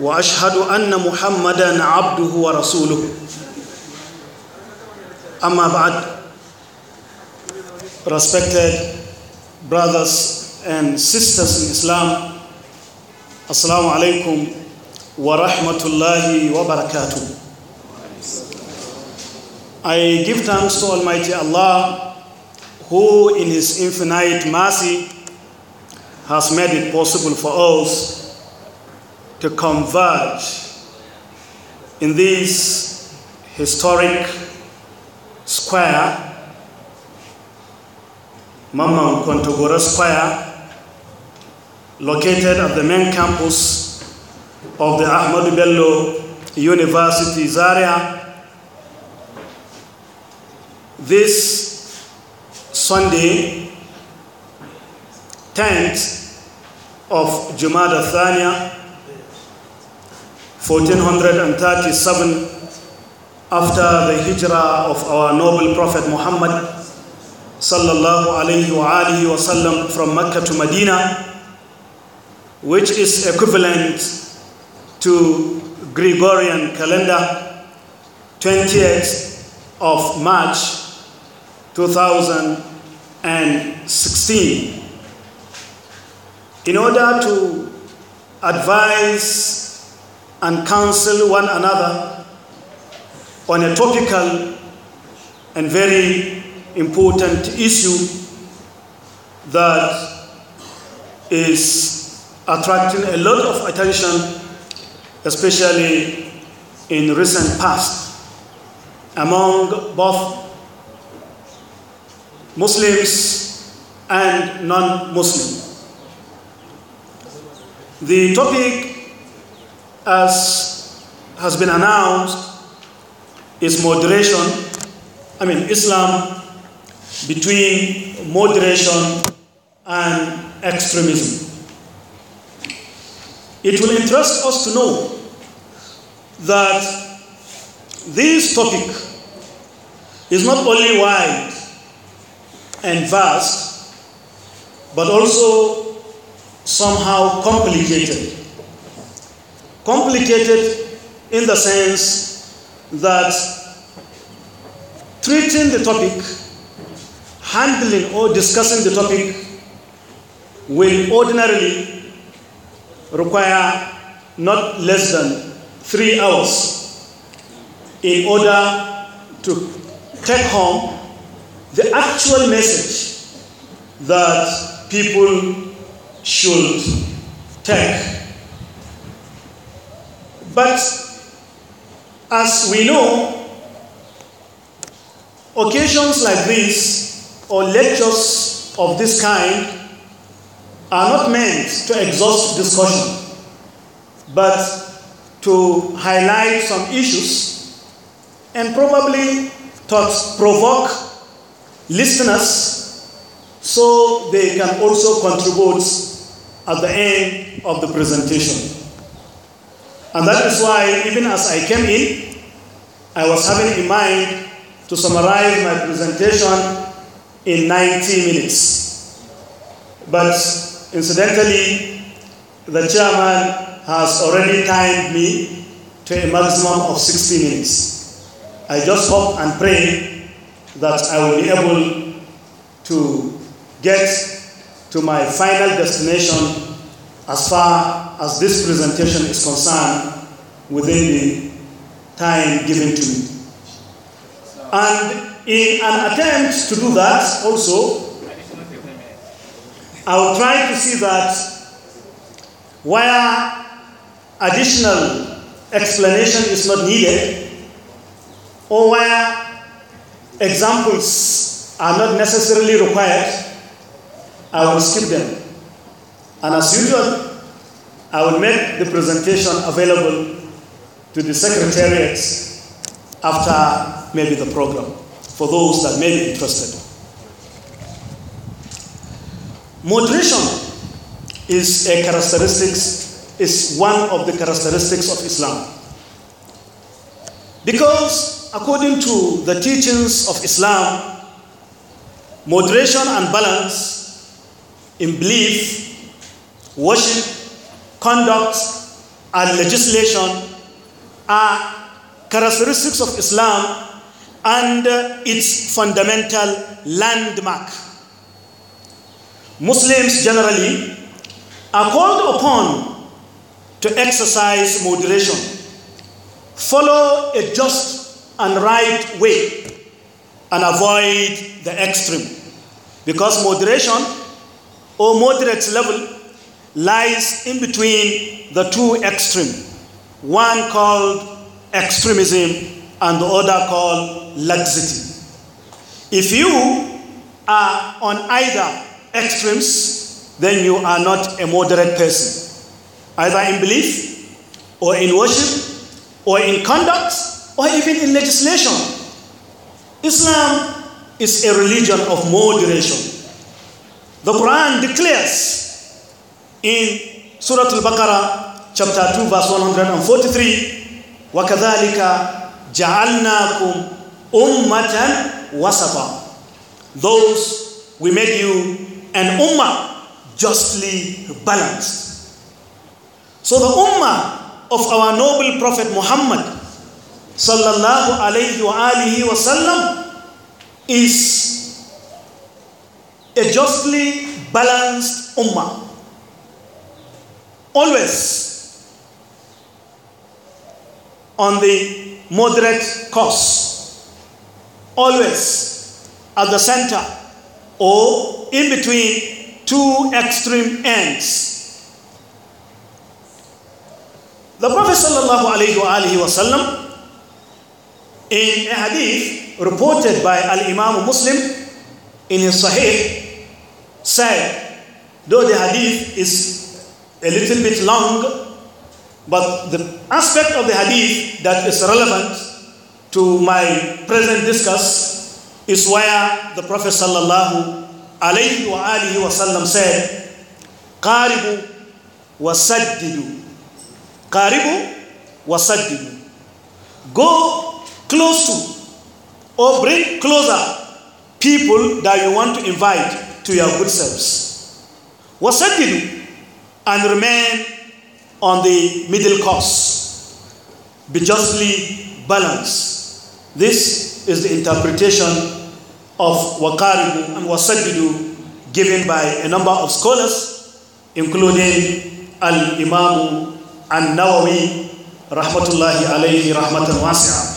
واشهد ان محمدا عبده ورسوله اما بعد respected brothers and sisters in islam assalamu alaikum wa rahmatullahi wa barakatuh i give thanks to almighty allah who in his infinite mercy has made it possible for us to converge in this historic square, Mama Nkwantogoro Square, located at the main campus of the Ahmadu Bello University area, This Sunday, 10th of Jumada Thania, 1437 after the hijrah of our noble prophet Muhammad sallallahu alayhi wa alihi wasallam from Mecca to Medina which is equivalent to Gregorian calendar 28th of March 2016 in order to advise and counsel one another on a topical and very important issue that is attracting a lot of attention, especially in recent past, among both Muslims and non Muslims. The topic as has been announced, is moderation. I mean, Islam between moderation and extremism. It will interest us to know that this topic is not only wide and vast, but also somehow complicated. Complicated in the sense that treating the topic, handling or discussing the topic will ordinarily require not less than three hours in order to take home the actual message that people should take but as we know, occasions like this or lectures of this kind are not meant to exhaust discussion, but to highlight some issues and probably thoughts provoke listeners so they can also contribute at the end of the presentation. And that is why, even as I came in, I was having in mind to summarize my presentation in 90 minutes. But incidentally, the chairman has already timed me to a maximum of 60 minutes. I just hope and pray that I will be able to get to my final destination as far as this presentation is concerned within the time given to me. And in an attempt to do that, also, I will try to see that where additional explanation is not needed, or where examples are not necessarily required, I will skip them. And as usual, I will make the presentation available to the secretariat after maybe the program for those that may be interested. Moderation is a characteristic; is one of the characteristics of Islam. Because according to the teachings of Islam, moderation and balance in belief, worship, conduct, and legislation are characteristics of Islam and uh, its fundamental landmark. Muslims generally are called upon to exercise moderation, follow a just and right way, and avoid the extreme. Because moderation or moderate level lies in between the two extremes one called extremism and the other called laxity. If you are on either extremes, then you are not a moderate person, either in belief or in worship or in conduct or even in legislation. Islam is a religion of moderation. The Quran declares in surah al baqarah chapter 2 verse 143 وَكَذَلِكَ جَعَلْنَاكُمْ أُمَّةً وَسَطًا those we made you an ummah justly balanced so the ummah of our noble prophet muhammad sallallahu alayhi wa alihi wa sallam is a justly balanced ummah always on the moderate course, always at the center or in between two extreme ends. The Prophet وسلم, in a hadith reported by Al Imam Muslim in his Sahih said, though the hadith is a little bit long, but the aspect of the hadith that is relevant to my present discuss is where the Prophet sallallahu alayhi wa alihi wasallam said, "Qaribu wasaddidu." Qaribu wasaddidu. Go close to or bring closer people that you want to invite to your good selves. Wasaddidu and remain on the middle course, be justly balanced. This is the interpretation of Wakaribu and Wasajidu given by a number of scholars, including Al Imam and Nawawi, Rahmatullahi alayhi Rahmatan Wasya.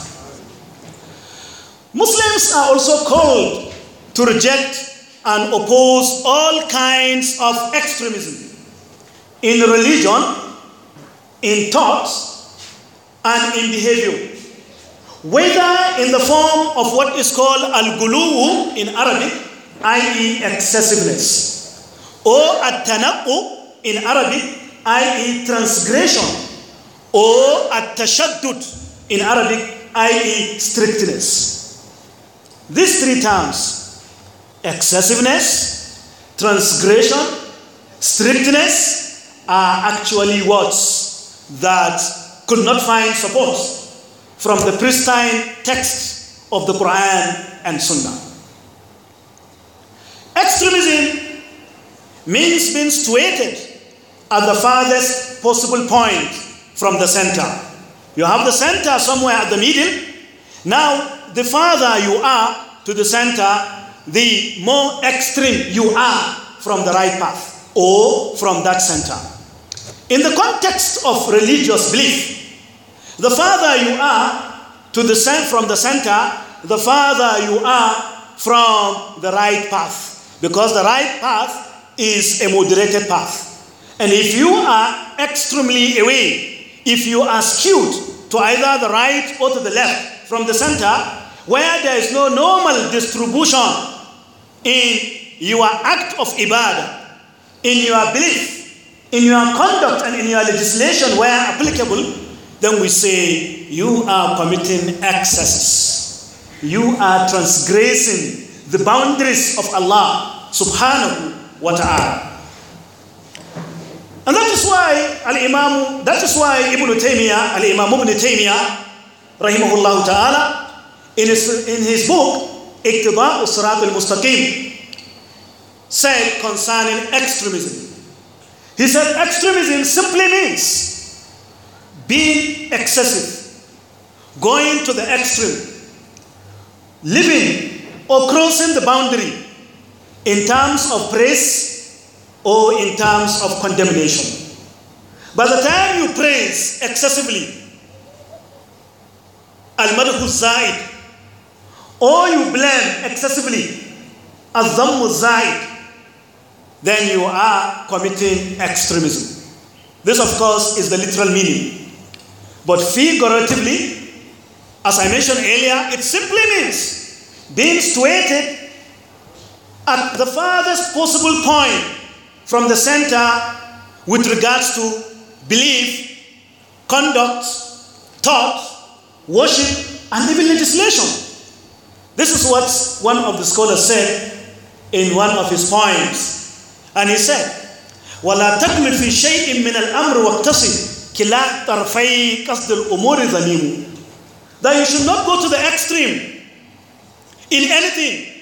Muslims are also called to reject and oppose all kinds of extremism in religion, in thoughts, and in behavior. Whether in the form of what is called al guluwu in Arabic, i.e., excessiveness, or at tanaku in Arabic, i.e., transgression, or at tashaddud in Arabic, i.e., strictness. These three terms excessiveness, transgression, strictness, are actually words that could not find support from the pristine texts of the Quran and Sunnah. Extremism means being situated at the farthest possible point from the center. You have the center somewhere at the middle. Now, the farther you are to the center, the more extreme you are from the right path or from that center. In the context of religious belief, the farther you are to the center, from the center, the farther you are from the right path. Because the right path is a moderated path. And if you are extremely away, if you are skewed to either the right or to the left from the center, where there is no normal distribution in your act of ibadah, in your belief, in your conduct and in your legislation where applicable, then we say you are committing excesses. You are transgressing the boundaries of Allah subhanahu wa ta'ala. And that is why Al-Imam, that is why Ibn Taymiyyah, Al-Imam Ibn Taymiyyah, rahimahullah ta'ala, in his, in his book, Iqtiba'u Sirat al-Mustaqim, said concerning extremism, he said extremism simply means being excessive, going to the extreme, living or crossing the boundary in terms of praise or in terms of condemnation. By the time you praise excessively, Al-Madhu Zaid, or you blame excessively, Azam Zaid, then you are committing extremism. This, of course, is the literal meaning. But figuratively, as I mentioned earlier, it simply means being situated at the farthest possible point from the center with regards to belief, conduct, thought, worship, and even legislation. This is what one of the scholars said in one of his poems and he said, ولا تكمل في شيء من الأمر واقتصد كلا طرفي قصد الأمور ذميم That you should not go to the extreme in anything.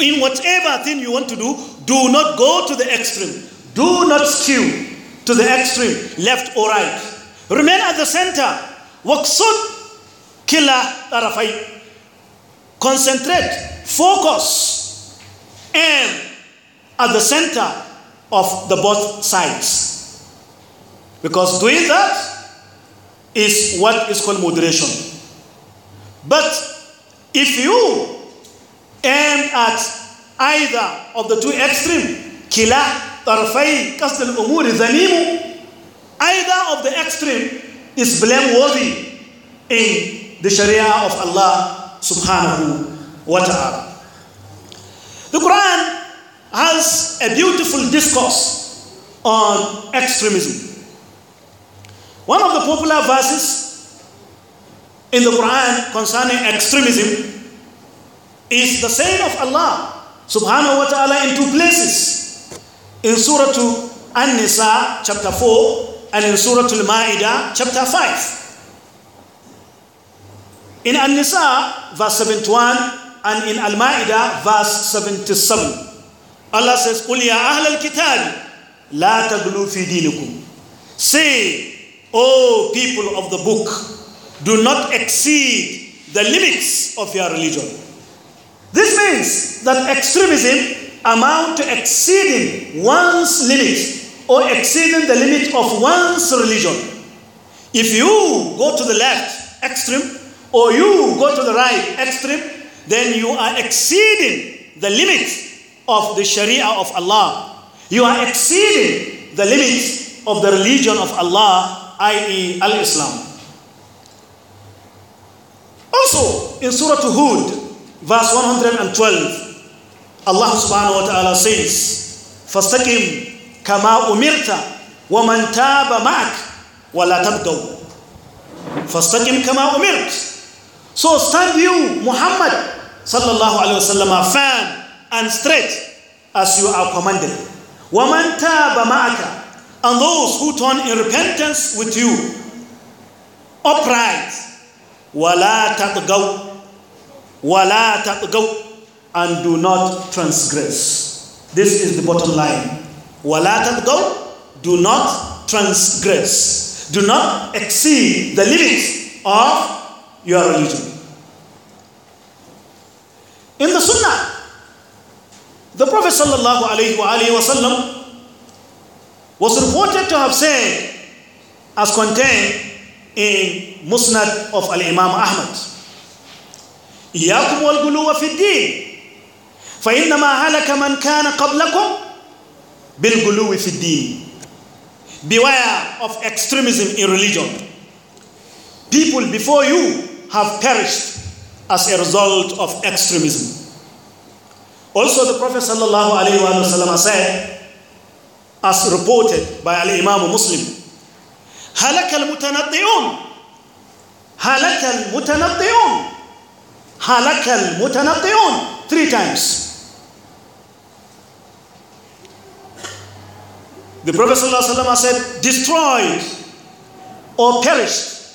In whatever thing you want to do, do not go to the extreme. Do not skew to the extreme, left or right. Remain at the center. Waqsud kila tarafai. Concentrate, focus, aim at the center of the both sides. Because doing that is what is called moderation. But if you aim at either of the two extremes, كلا طرفي قصد الأمور ذميم either of the extreme is blameworthy in the Sharia of Allah subhanahu wa ta'ala. The Quran has a beautiful discourse on extremism. One of the popular verses in the Quran concerning extremism is the saying of Allah subhanahu wa ta'ala in two places in Surah An-Nisa chapter 4 and in Surah Al-Ma'idah chapter 5. In An-Nisa verse 71 and in Al-Ma'idah verse 77. Allah says, Say, O people of the book, do not exceed the limits of your religion. This means that extremism amounts to exceeding one's limit or exceeding the limit of one's religion. If you go to the left extreme or you go to the right extreme, then you are exceeding the limit of the Sharia of Allah. You are exceeding the limits of the religion of Allah, i.e., Al Islam. Also, in Surah Hud, verse 112, Allah subhanahu wa ta'ala says, فَاسْتَقِمْ كَمَا أُمِرْتَ وَمَنْ تَابَ مَعَكَ وَلَا تَبْغَوْا فَاسْتَقِمْ كَمَا أُمِرْتَ So stand you, Muhammad sallallahu alayhi wa sallam, firm and straight as you are commanded. وَمَنْ taba مَعَكَ And those who turn in repentance with you, upright. وَلَا تَطْغَوْا وَلَا تَطْغَوْا And do not transgress. This is the bottom line. وَلَا تَطْغَوْا Do not transgress. Do not exceed the limits of your religion. In the Sunnah, the Prophet ﷺ was reported to have said, as contained in Musnad of Al Imam Ahmad, إياكم والغلو في ma فإنما man kana qablakum bil بالغلو wa الدين Beware of extremism in religion. People before you have perished as a result of extremism. Also, the Prophet ﷺ said, as reported by Al Imam Muslim, Halakal Mutanatayun. هلك المتنطعون هلك المتنطعون three times The Prophet ﷺ said, Destroyed or perished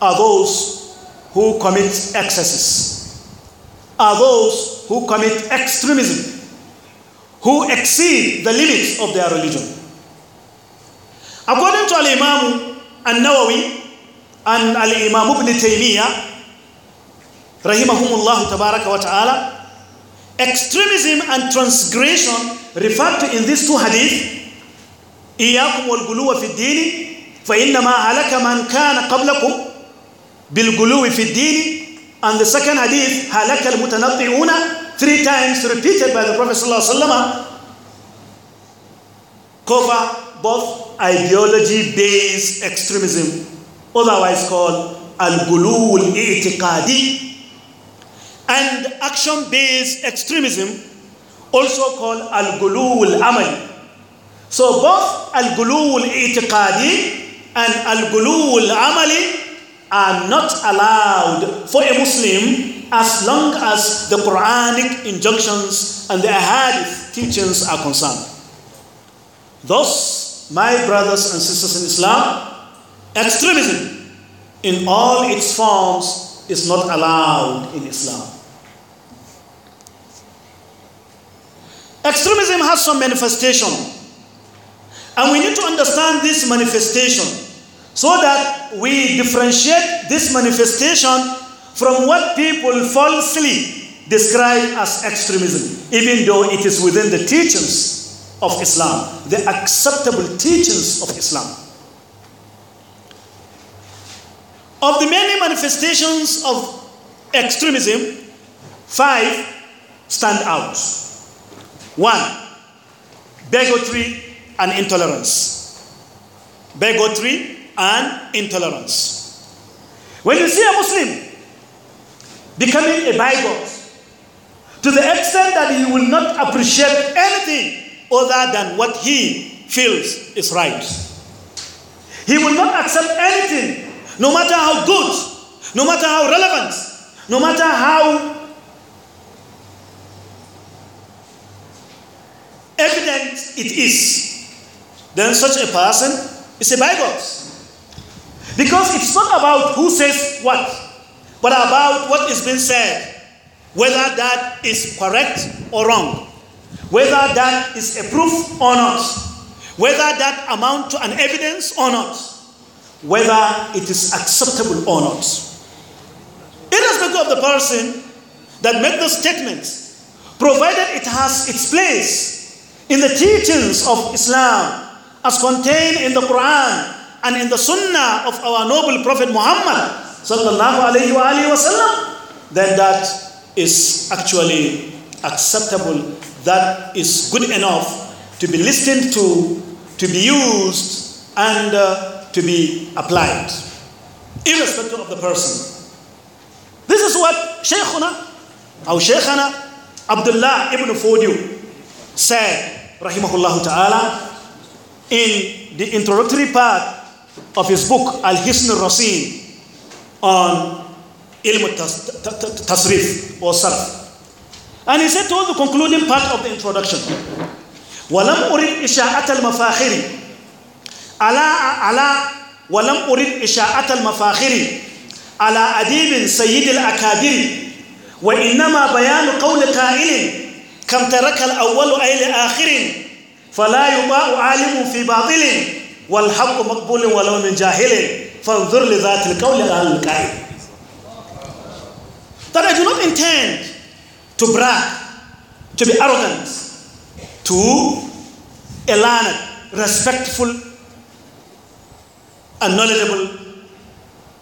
are those who commit excesses are those who commit extremism, who exceed the limits of their religion. According to Al Imam Al Nawawi and Al Imam Ibn Taymiyyah, rahimahumullah tabaraka wa ta'ala, extremism and transgression referred to in these two hadith إياكم والغلو في الدين فإنما هلك من كان قبلكم بالغلو في الدين and the second hadith, al mutanabbi'una," Three times repeated by the Prophet ﷺ cover both ideology-based extremism, otherwise called al-gulul i'tiqadi, and action-based extremism, also called al-gulul amali. So both al-gulul i'tiqadi and al-gulul amali are not allowed for a Muslim as long as the Quranic injunctions and the Ahadith teachings are concerned. Thus, my brothers and sisters in Islam, extremism in all its forms is not allowed in Islam. Extremism has some manifestation, and we need to understand this manifestation so that we differentiate this manifestation from what people falsely describe as extremism, even though it is within the teachings of Islam, the acceptable teachings of Islam. Of the many manifestations of extremism, five stand out. One, bigotry and intolerance. Bigotry and intolerance. When you see a Muslim becoming a bigot to the extent that he will not appreciate anything other than what he feels is right, he will not accept anything, no matter how good, no matter how relevant, no matter how evident it is, then such a person is a bigot. Because it's not about who says what, but about what is being said, whether that is correct or wrong, whether that is a proof or not, whether that amount to an evidence or not, whether it is acceptable or not. Irrespective of the person that made the statement, provided it has its place in the teachings of Islam as contained in the Quran and in the sunnah of our noble Prophet Muhammad sallallahu alayhi wa then that is actually acceptable. That is good enough to be listened to, to be used, and uh, to be applied, irrespective of the person. This is what Shaykhuna, our Shaykhana, Abdullah ibn Fodiu said, rahimahullah ta'ala, in the introductory part of his book Al-Hisn al-Rasim on ilm tasrif or sarf. And he said towards the concluding part of the introduction, ولم أرد إشاعة المفاخر على على ولم أرد إشاعة المفاخر على أديب سيد الأكابر وإنما بيان قول قائل كم ترك الأول أي لآخر فلا يباع عالم في باطل that I do not intend to brag to be arrogant to a learned respectful and knowledgeable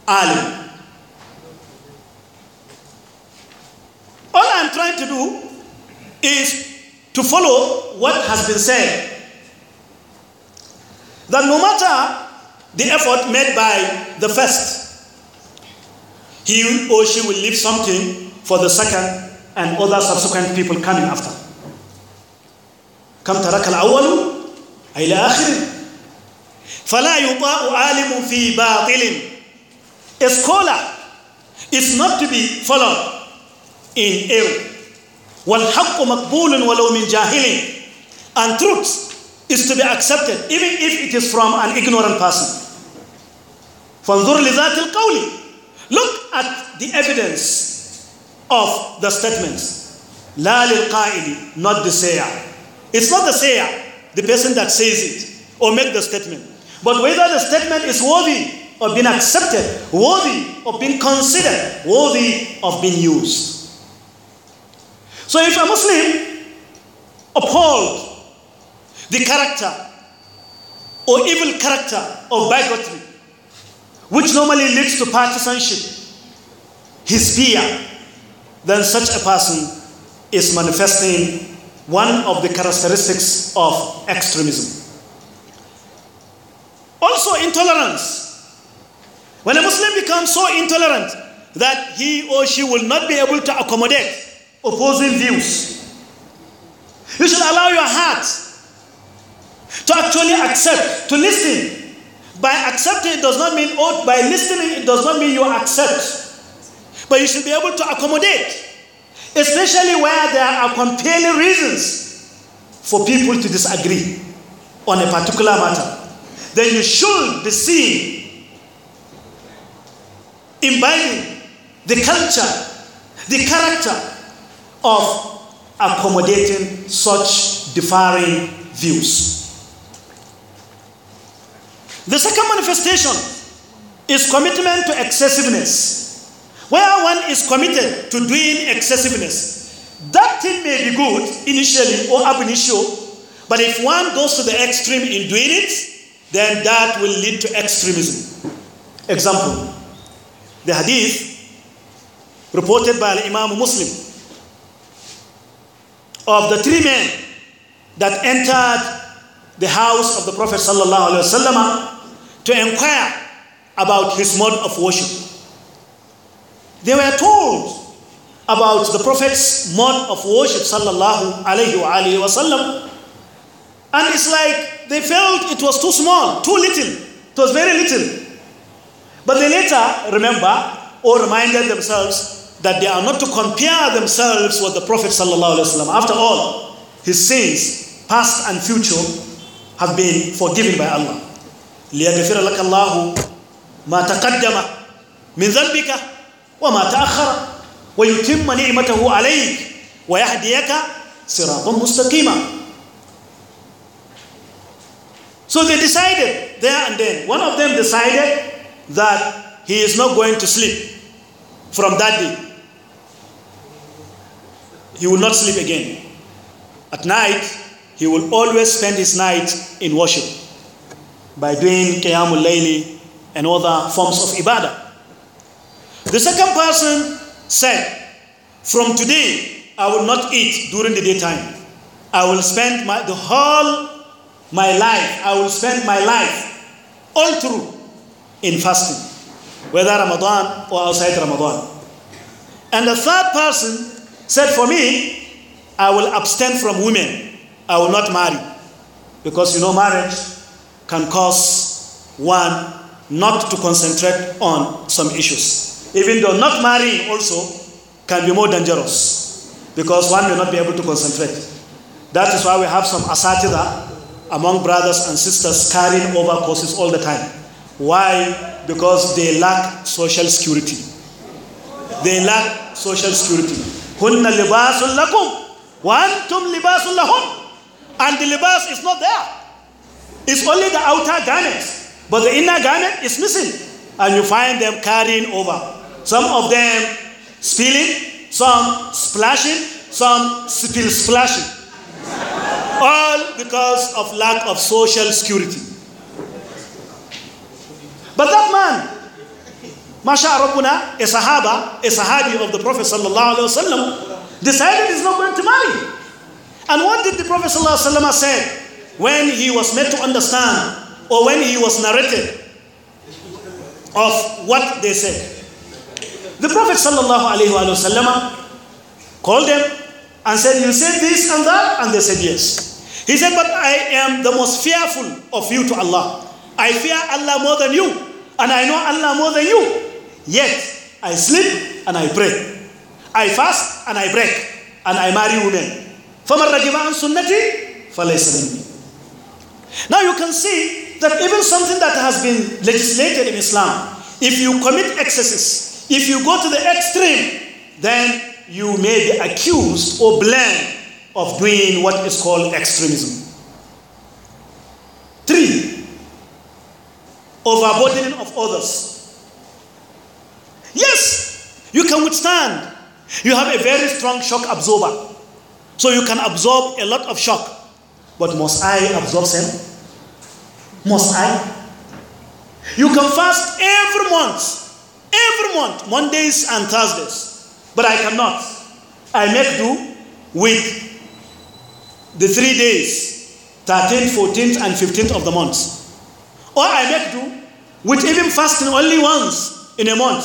alim all I'm trying to do is to follow what has been said that no matter the effort made by the first, he or she will leave something for the second and other subsequent people coming after. كم ترك الأول إلى آخره فلا يطاع عالم في باطل A scholar is not to be followed in error والحق مقبول ولو من جاهل and truth is to be accepted, even if it is from an ignorant person. Look at the evidence of the statements. not the sayer. It's not the sayer, the person that says it or make the statement. But whether the statement is worthy of being accepted, worthy of being considered, worthy of being used. So if a Muslim uphold the character or evil character of bigotry, which normally leads to partisanship, his fear, then such a person is manifesting one of the characteristics of extremism. Also, intolerance. When a Muslim becomes so intolerant that he or she will not be able to accommodate opposing views, you should allow your heart to actually accept, to listen. By accepting, it does not mean oath. By listening, it does not mean you accept. But you should be able to accommodate, especially where there are compelling reasons for people to disagree on a particular matter. Then you should be seen imbibing the culture, the character of accommodating such differing views. The second manifestation is commitment to excessiveness. Where one is committed to doing excessiveness, that thing may be good initially or up initio, but if one goes to the extreme in doing it, then that will lead to extremism. Example the hadith reported by Imam Muslim of the three men that entered the house of the Prophet sallallahu alaihi wasallam to inquire about his mode of worship. They were told about the Prophet's mode of worship, sallallahu alayhi wa sallam, and it's like they felt it was too small, too little, it was very little. But they later remember or reminded themselves that they are not to compare themselves with the Prophet. After all, his sins, past and future, have been forgiven by Allah. ليغفر لك الله ما تقدم من ذنبك وما تأخر ويتم نعمته عليك ويهديك صراطا مستقيما So they decided there and then. One of them decided that he is not going to sleep from that day. He will not sleep again. At night, he will always spend his night in worship. by doing Qiyamul Layli and other forms of ibadah. The second person said, From today, I will not eat during the daytime. I will spend my, the whole my life, I will spend my life all through in fasting, whether Ramadan or outside Ramadan. And the third person said, For me, I will abstain from women. I will not marry. Because you know, marriage can cause one not to concentrate on some issues. Even though not marrying also can be more dangerous because one may not be able to concentrate. That is why we have some asatida among brothers and sisters carrying over courses all the time. Why? Because they lack social security. They lack social security. Hunna libasul lakum. One lahum. And the libas is not there. It's only the outer garment, but the inner garment is missing. And you find them carrying over. Some of them spilling, some splashing, some spill splashing. All because of lack of social security. But that man, Masha Rabbuna, a Sahaba, a Sahabi of the Prophet Sallallahu Alaihi Wasallam, decided he's not going to marry. And what did the Prophet Sallallahu Alaihi Wasallam say? when he was made to understand or when he was narrated of what they said. The Prophet وسلم called them and said, You said this and that? And they said, Yes. He said, But I am the most fearful of you to Allah. I fear Allah more than you, and I know Allah more than you. Yet I sleep and I pray. I fast and I break, and I marry women. فَمَنْ رَجِبَ عَنْ سُنَّتِي فَلَيْسَ مِنِّي now you can see that even something that has been legislated in Islam, if you commit excesses, if you go to the extreme, then you may be accused or blamed of doing what is called extremism. Three, overburdening of others. Yes, you can withstand. You have a very strong shock absorber. So you can absorb a lot of shock. But must I absorb them? Must I? You can fast every month, every month, Mondays and Thursdays. But I cannot. I make do with the three days 13th, 14th, and 15th of the month. Or I make do with even fasting only once in a month,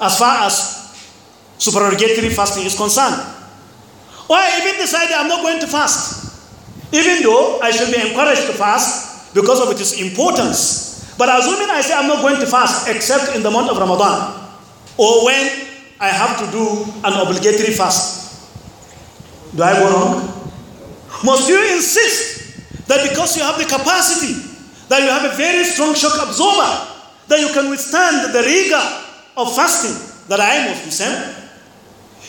as far as supererogatory fasting is concerned. Or I even decide I'm not going to fast. Even though I should be encouraged to fast because of its importance. But assuming I say I'm not going to fast except in the month of Ramadan or when I have to do an obligatory fast, do I go wrong? Must you insist that because you have the capacity, that you have a very strong shock absorber, that you can withstand the rigor of fasting, that I must do same?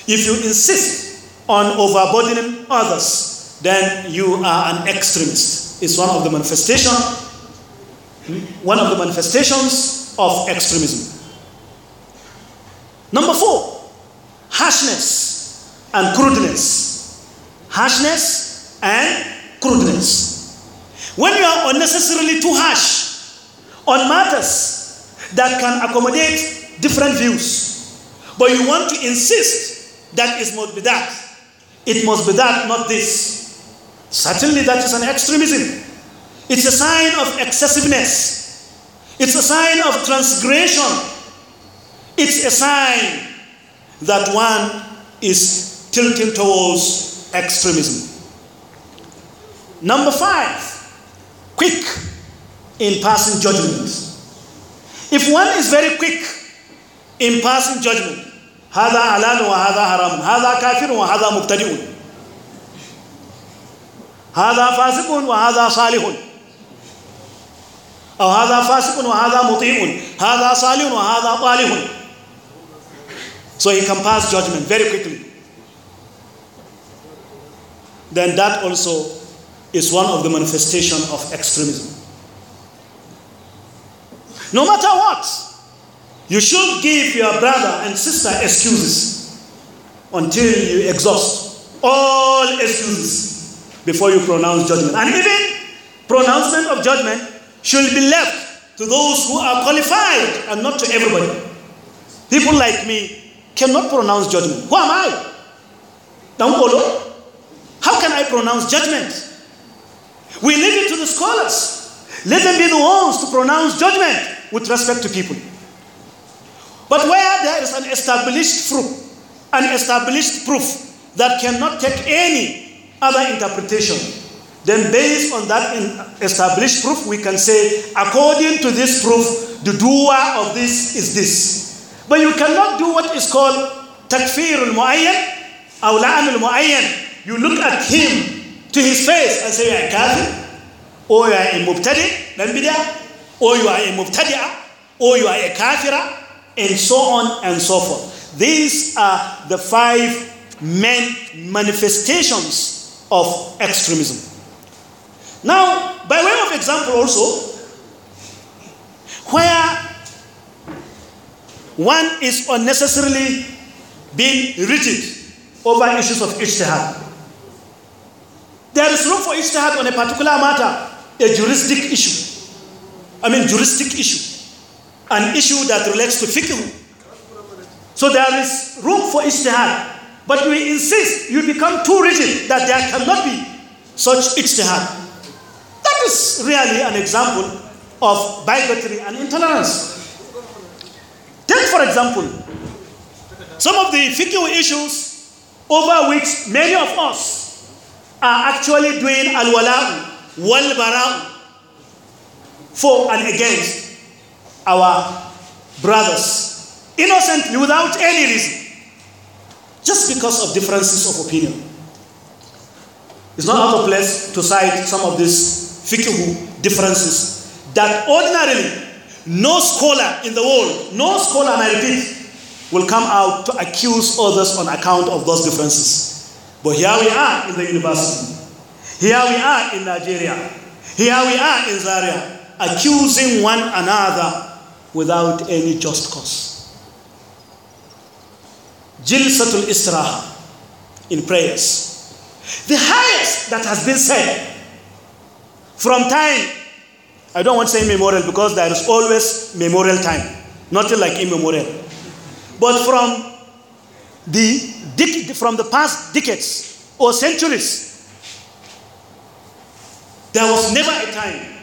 If you insist on overburdening others, then you are an extremist. It's one of the manifestation, one of the manifestations of extremism. Number four, harshness and crudeness. Harshness and crudeness. When you are unnecessarily too harsh on matters that can accommodate different views, but you want to insist that it must be that, it must be that, not this. Certainly, that is an extremism. It's a sign of excessiveness. It's a sign of transgression. It's a sign that one is tilting towards extremism. Number five, quick in passing judgment. If one is very quick in passing judgment, هذا حلال وهذا حرام هذا كافر وهذا مبتدئ هذا فاسق وهذا صالح أو هذا فاسق وهذا مطيع هذا صالح وهذا طالح So he can pass judgment very quickly. Then that also is one of the manifestation of extremism. No matter what, you should give your brother and sister excuses until you exhaust all excuses before you pronounce judgment. And even pronouncement of judgment should be left to those who are qualified and not to everybody. People like me cannot pronounce judgment. Who am I? Dangolo? How can I pronounce judgment? We leave it to the scholars. Let them be the ones to pronounce judgment with respect to people. But where there is an established proof, an established proof that cannot take any other interpretation. Then, based on that established proof, we can say, according to this proof, the doer of this is this. But you cannot do what is called takfir al muayyan, or al muayyan. You look at him to his face and say, You are kafir, or you are a mubtadi, then bidah, or you are a mubtadi'ah, or you are a kafira, and so on and so forth. These are the five main manifestations of extremism. Now, by way of example, also, where one is unnecessarily being rigid over issues of ijtihad. There is room for ijtihad on a particular matter, a juristic issue. I mean, juristic issue. An issue that relates to fiqh. So there is room for ijtihad but we insist, you become too rigid that there cannot be such ijtihad. That is really an example of bigotry and intolerance. Take, for example, some of the fiqh issues over which many of us are actually doing al wala'u wal bara'u for and against our brothers, innocently without any reason just because of differences of opinion. It's not out of place to cite some of these fiqh differences that ordinarily no scholar in the world, no scholar, I repeat, will come out to accuse others on account of those differences. But here we are in the university. Here we are in Nigeria. Here we are in Zaria, accusing one another without any just cause. Jilsatul Istiraha in prayers. The highest that has been said from time, I don't want to say memorial because there is always memorial time, nothing like immemorial. But from the, from the past decades or centuries, there was never a time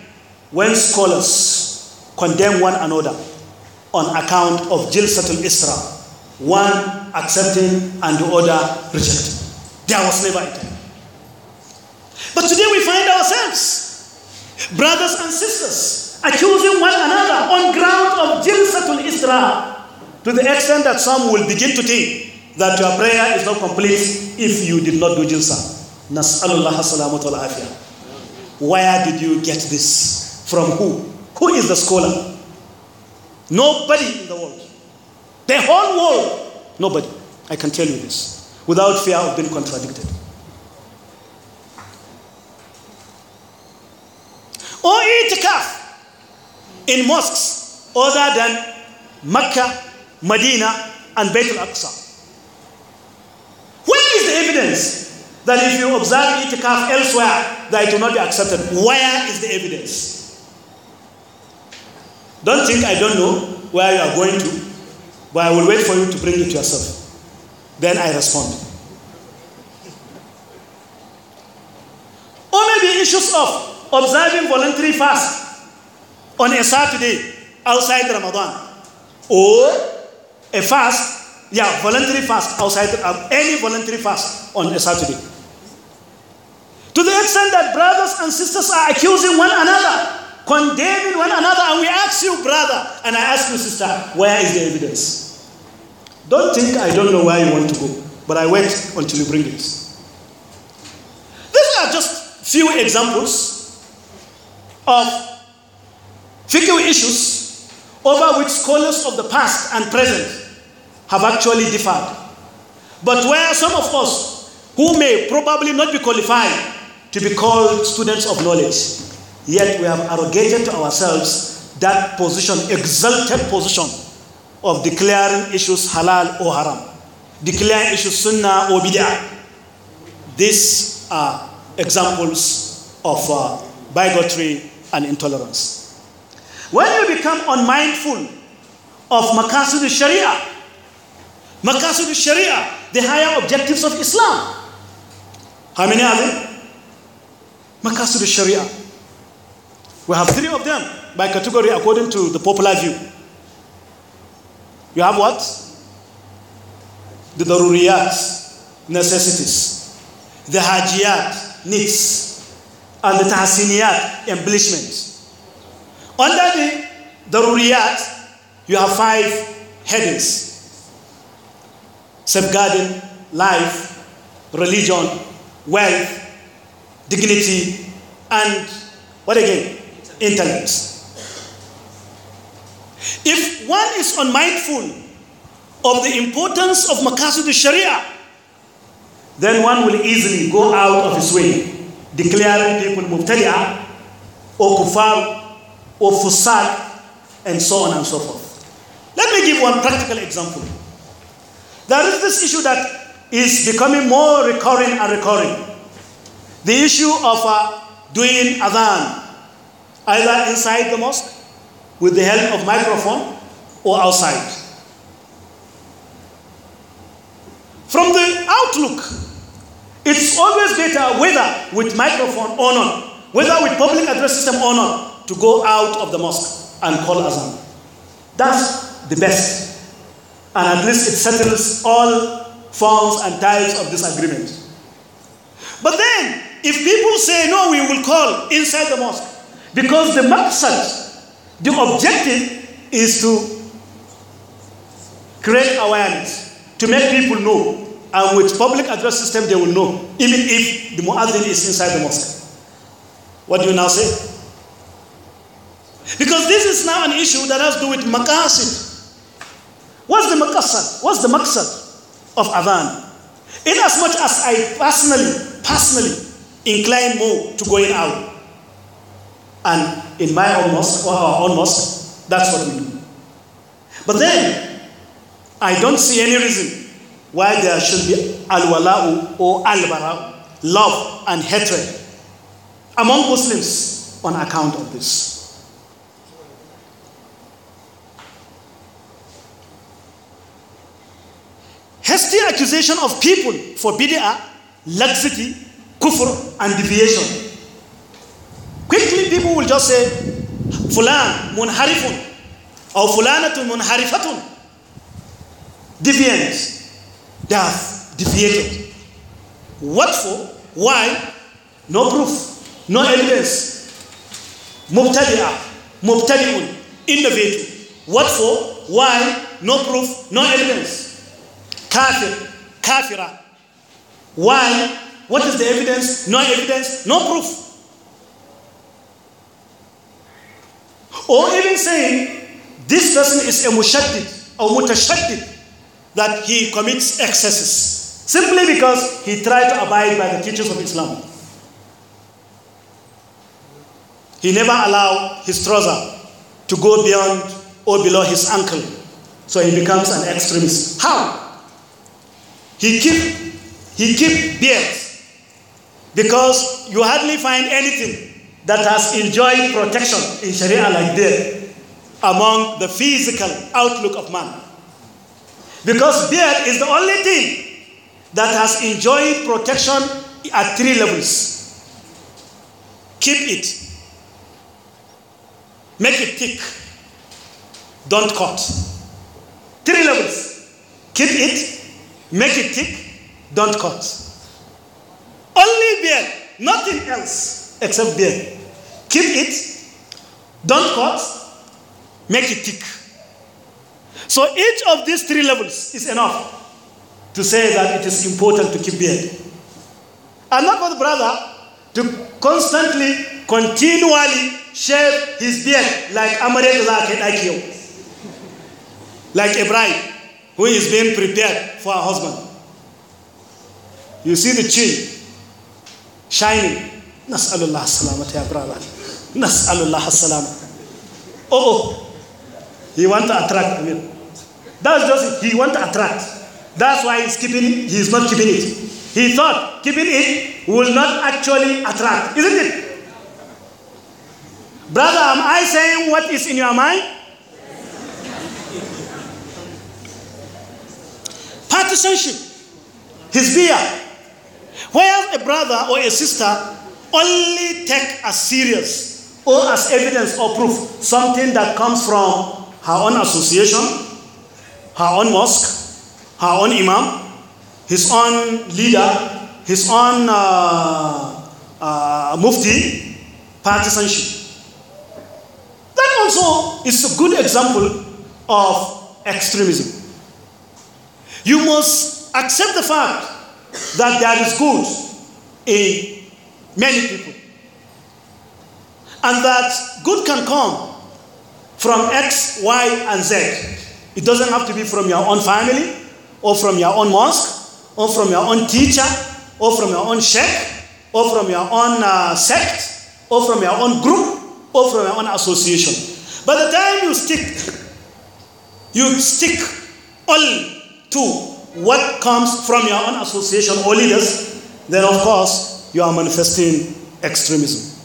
when scholars condemned one another on account of Jilsatul Israel one accepting and the other rejecting. There was never a time. But today we find ourselves, brothers and sisters, accusing one another on ground of to Israel, to the extent that some will begin to think that your prayer is not complete if you did not do jilsa. Nas'alullah salamut wal Where did you get this? From who? Who is the scholar? Nobody in the world. The whole world. Nobody. I can tell you this. Without fear of being contradicted. Or calf in mosques other than Mecca, Medina, and Beit al-Aqsa. Where is the evidence that if you observe itikaf elsewhere, that it will not be accepted? Where is the evidence? Don't think I don't know where you are going to. But I will wait for you to bring it to yourself. Then I respond. Or maybe issues of observing voluntary fast on a Saturday outside Ramadan. Or a fast, yeah, voluntary fast outside, of um, any voluntary fast on a Saturday. To the extent that brothers and sisters are accusing one another condemning one another, and we ask you, brother, and I ask you, sister, where is the evidence? Don't think I don't know where you want to go, but I wait until you bring it. These are just few examples of few issues over which scholars of the past and present have actually differed. But where some of us who may probably not be qualified to be called students of knowledge Yet we have arrogated to ourselves that position, exalted position of declaring issues halal or haram, declaring issues sunnah or bid'ah. These are examples of uh, bigotry and intolerance. When you become unmindful of maqasid sharia maqasid sharia the higher objectives of Islam. How many are they? Maqasid sharia we have three of them by category according to the popular view. You have what? The daruriyat, necessities. The hajiyat, needs. And the tahsiniyat, embellishments. Under the daruriyat, you have five headings. Safeguarding life, religion, wealth, dignity, and what again? intellect. If one is unmindful of the importance of the Sharia, then one will easily go out of his way, declaring people Mubtadi'ah or Kufar or Fusaq and so on and so forth. Let me give one practical example. There is this issue that is becoming more recurring and recurring. The issue of uh, doing adhan either inside the mosque with the help of microphone or outside. From the outlook, it's always better whether with microphone or not, whether with public address system or not, to go out of the mosque and call Azan. That's the best. And at least it settles all forms and types of disagreement. But then, if people say, no, we will call inside the mosque, because the maqsad, the objective is to create awareness, to make people know. And with public address system, they will know, even if the muazzin is inside the mosque. What do you now say? Because this is now an issue that has to do with maqasid. What's the maqasad? What's the maqsad of adhan? In as much as I personally, personally incline more to going out, and in my own mosque or our own mosque, that's what we do. But then, I don't see any reason why there should be al-wala'u or al-bara'u, love and hatred among Muslims on account of this. Hasty accusation of people for bid'ah, laxity, kufr, and deviation Quickly, people will just say, Fulan munharifun, or Fulanatun munharifatun. Deviants. They have deviated. What for? Why? No proof, no evidence. Mubtadi'a, mubtadi'un, innovative. What for? Why? No proof, no evidence. Kafir, kafira. Why? What is the evidence? No evidence, no proof. Or even saying, this person is a mushaddid or mutashaddid, that he commits excesses, simply because he tried to abide by the teachings of Islam. He never allowed his trouser to go beyond or below his ankle, so he becomes an extremist. How? He keep he keep beard because you hardly find anything that has enjoyed protection in Sharia like beard among the physical outlook of man. Because beard is the only thing that has enjoyed protection at three levels. Keep it. Make it thick. Don't cut. Three levels. Keep it. Make it thick. Don't cut. Only beard. Nothing else except beer. Keep it, don't cut, make it thick. So each of these three levels is enough to say that it is important to keep beard. And not for the brother to constantly, continually shave his beard like Amaretullah like a bride who is being prepared for her husband. You see the chin shining Nas'alullah salamata ya brother. Nas'alullah salamata. Salam. Oh, oh. He want to attract. I that's just, he want to attract. That's why he's keeping He's not keeping it. He thought keeping it will not actually attract. Isn't it? Brother, am I saying what is in your mind? Partisanship. His beer. Where a brother or a sister only take as serious or as evidence or proof something that comes from her own association, her own mosque, her own imam, his own leader, his own uh, uh, mufti, partisanship. That also is a good example of extremism. You must accept the fact that there is good in many people. And that good can come from X, Y, and Z. It doesn't have to be from your own family, or from your own mosque, or from your own teacher, or from your own sheikh, or from your own uh, sect, or from your own group, or from your own association. By the time you stick, you stick only to what comes from your own association or leaders, then of course you are manifesting extremism.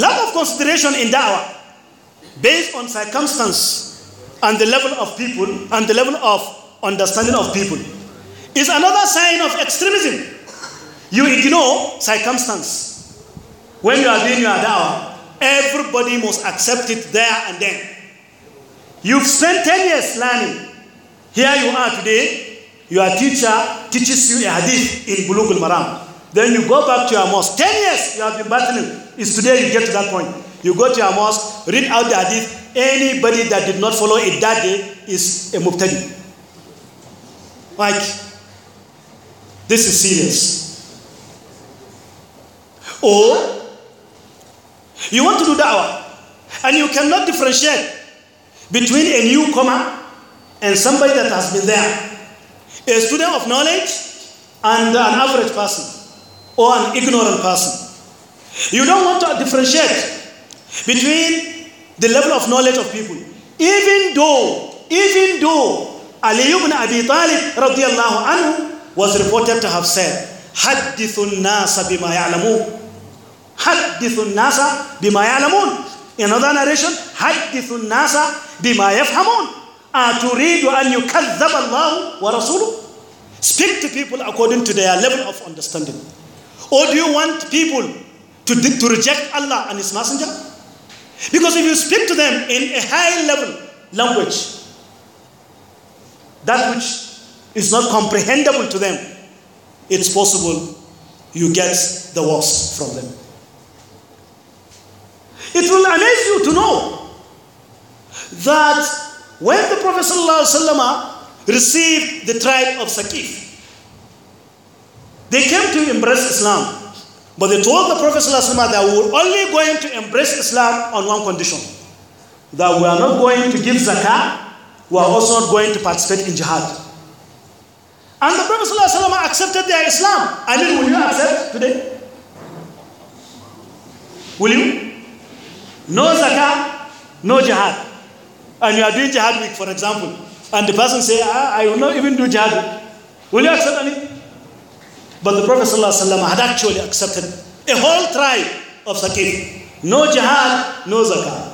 Lack of consideration in da'wah based on circumstance and the level of people and the level of understanding of people is another sign of extremism. You ignore circumstance. When you are doing your da'wah, everybody must accept it there and then. You've spent 10 years learning. Here you are today, your teacher teaches you a hadith in Bulukulmaran. Maram. Then you go back to your mosque. Ten years you have been battling. It's today you get to that point. You go to your mosque, read out the hadith. Anybody that did not follow it that day is a mubtadi. Like, this is serious. Or, you want to do da'wah, and you cannot differentiate between a newcomer and somebody that has been there, a student of knowledge and an average person or an ignorant person. You don't want to differentiate between the level of knowledge of people. Even though, even though Ali ibn Abi Talib radiallahu anhu was reported to have said, Hadithun nasa bima ya'lamun. Hadithun nasa bima ya'lamun. In another narration, Hadithun nasa bima yafhamun. أتريد أن يكذب الله ورسوله Speak to people according to their level of understanding. Or do you want people to, to reject Allah and His Messenger? Because if you speak to them in a high level language, that which is not comprehensible to them, it's possible you get the worst from them. It will amaze you to know that when the Prophet ﷺ received the tribe of Saqif, they came to embrace Islam. But they told the Prophet ﷺ that we were only going to embrace Islam on one condition that we are not going to give zakah, we are also not going to participate in jihad. And the Prophet ﷺ accepted their Islam. I mean, will you accept today? Will you? No zakah, no jihad. And you are doing jihad week, for example. And the person say, ah, I will not even do jihad. Will you accept anything? But the Prophet ﷺ had actually accepted a whole tribe of Saqif. No jihad, no zakah.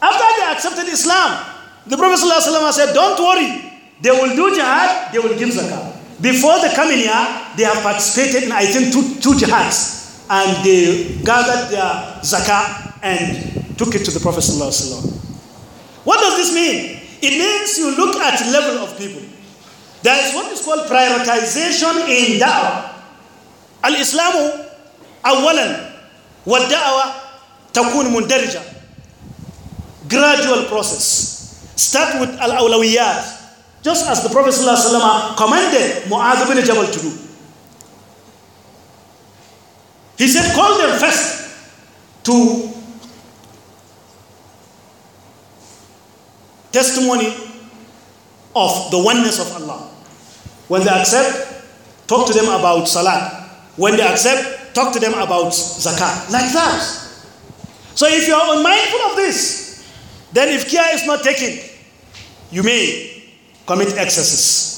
After they accepted Islam, the Prophet ﷺ said, Don't worry, they will do jihad, they will give zakah. Before the coming year, they have participated in, I think, two, two jihads. And they gathered their zakah and took it to the Prophet. ﷺ. What does this mean? It means you look at level of people. There is what is called prioritization in da'wah. الإسلام wa da'wah takun مندرجة gradual process start with al-awlawiyat just as the Prophet ﷺ commanded Mu'adh bin Jabal to do he said call them first to testimony of the oneness of Allah when they accept, talk to them about salat. When they accept, talk to them about zakat. Like that. So if you are unmindful of this, then if care is not taken, you may commit excesses.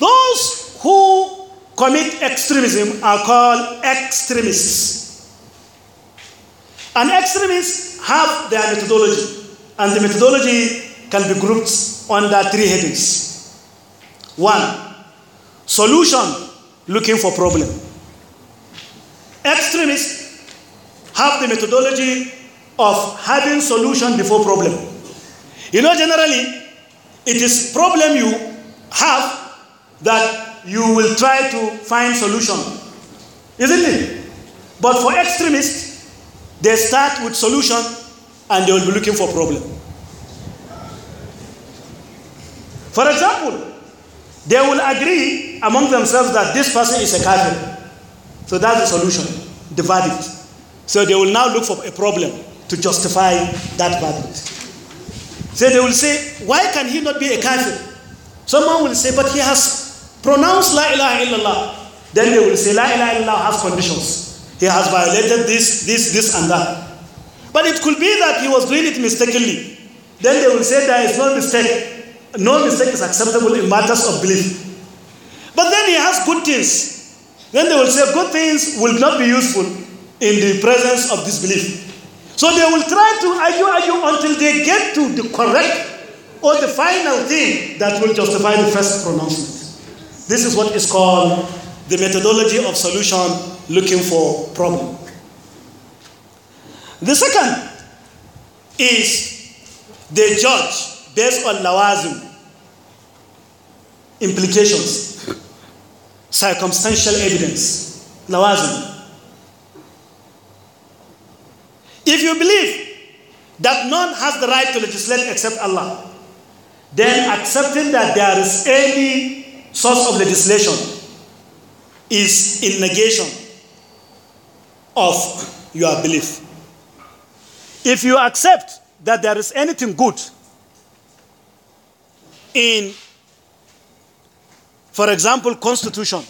Those who commit extremism are called extremists. And extremists have their methodology, and the methodology can be grouped under three headings. One, solution looking for problem. Extremists have the methodology of having solution before problem. You know, generally, it is problem you have that you will try to find solution, isn't it? But for extremists, they start with solution and they will be looking for problem. For example, they will agree among themselves that this person is a kafir. So that's the solution, the verdict. So they will now look for a problem to justify that verdict. So they will say, why can he not be a kafir? Someone will say, but he has pronounced la ilaha illallah. Then they will say, la ilaha illallah has conditions. He has violated this, this, this, and that. But it could be that he was doing it mistakenly. Then they will say there is no mistake. No mistake is acceptable in matters of belief. But then he has good things. Then they will say, Good things will not be useful in the presence of disbelief. So they will try to argue, argue until they get to the correct or the final thing that will justify the first pronouncement. This is what is called the methodology of solution looking for problem. The second is they judge based on lawazim, implications, circumstantial evidence, lawazim. If you believe that none has the right to legislate except Allah, then accepting that there is any source of legislation is in negation of your belief. If you accept that there is anything good in, for example, constitution,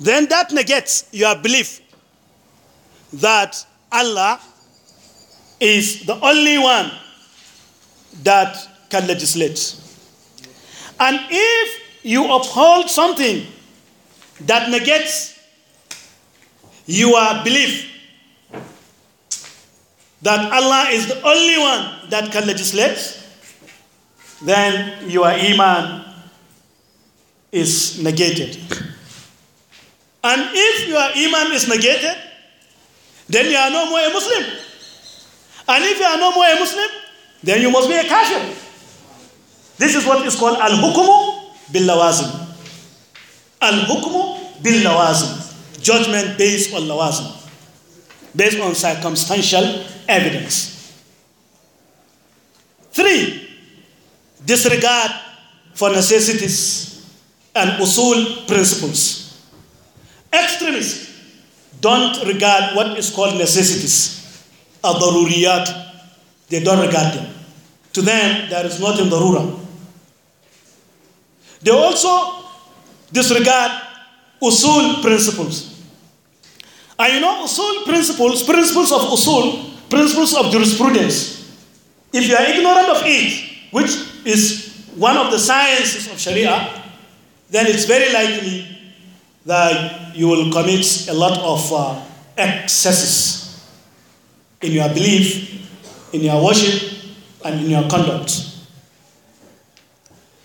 then that negates your belief that Allah is the only one that can legislate. And if you uphold something that negates your belief that Allah is the only one that can legislate, then your iman is negated. And if your iman is negated, then you are no more a Muslim. And if you are no more a Muslim, then you must be a kafir. This is what is called al-hukmu bil-lawazim. Al-hukmu bil-lawazim. Judgment based on lawazim. Based on circumstantial evidence. Three, disregard for necessities and usul principles. Extremists don't regard what is called necessities, al They don't regard them. To them, there is nothing darura. They also disregard usul principles. And you know usul principles, principles of usul, principles of jurisprudence. If you are ignorant of it, which is one of the sciences of Sharia, then it's very likely that you will commit a lot of uh, excesses in your belief, in your worship, and in your conduct.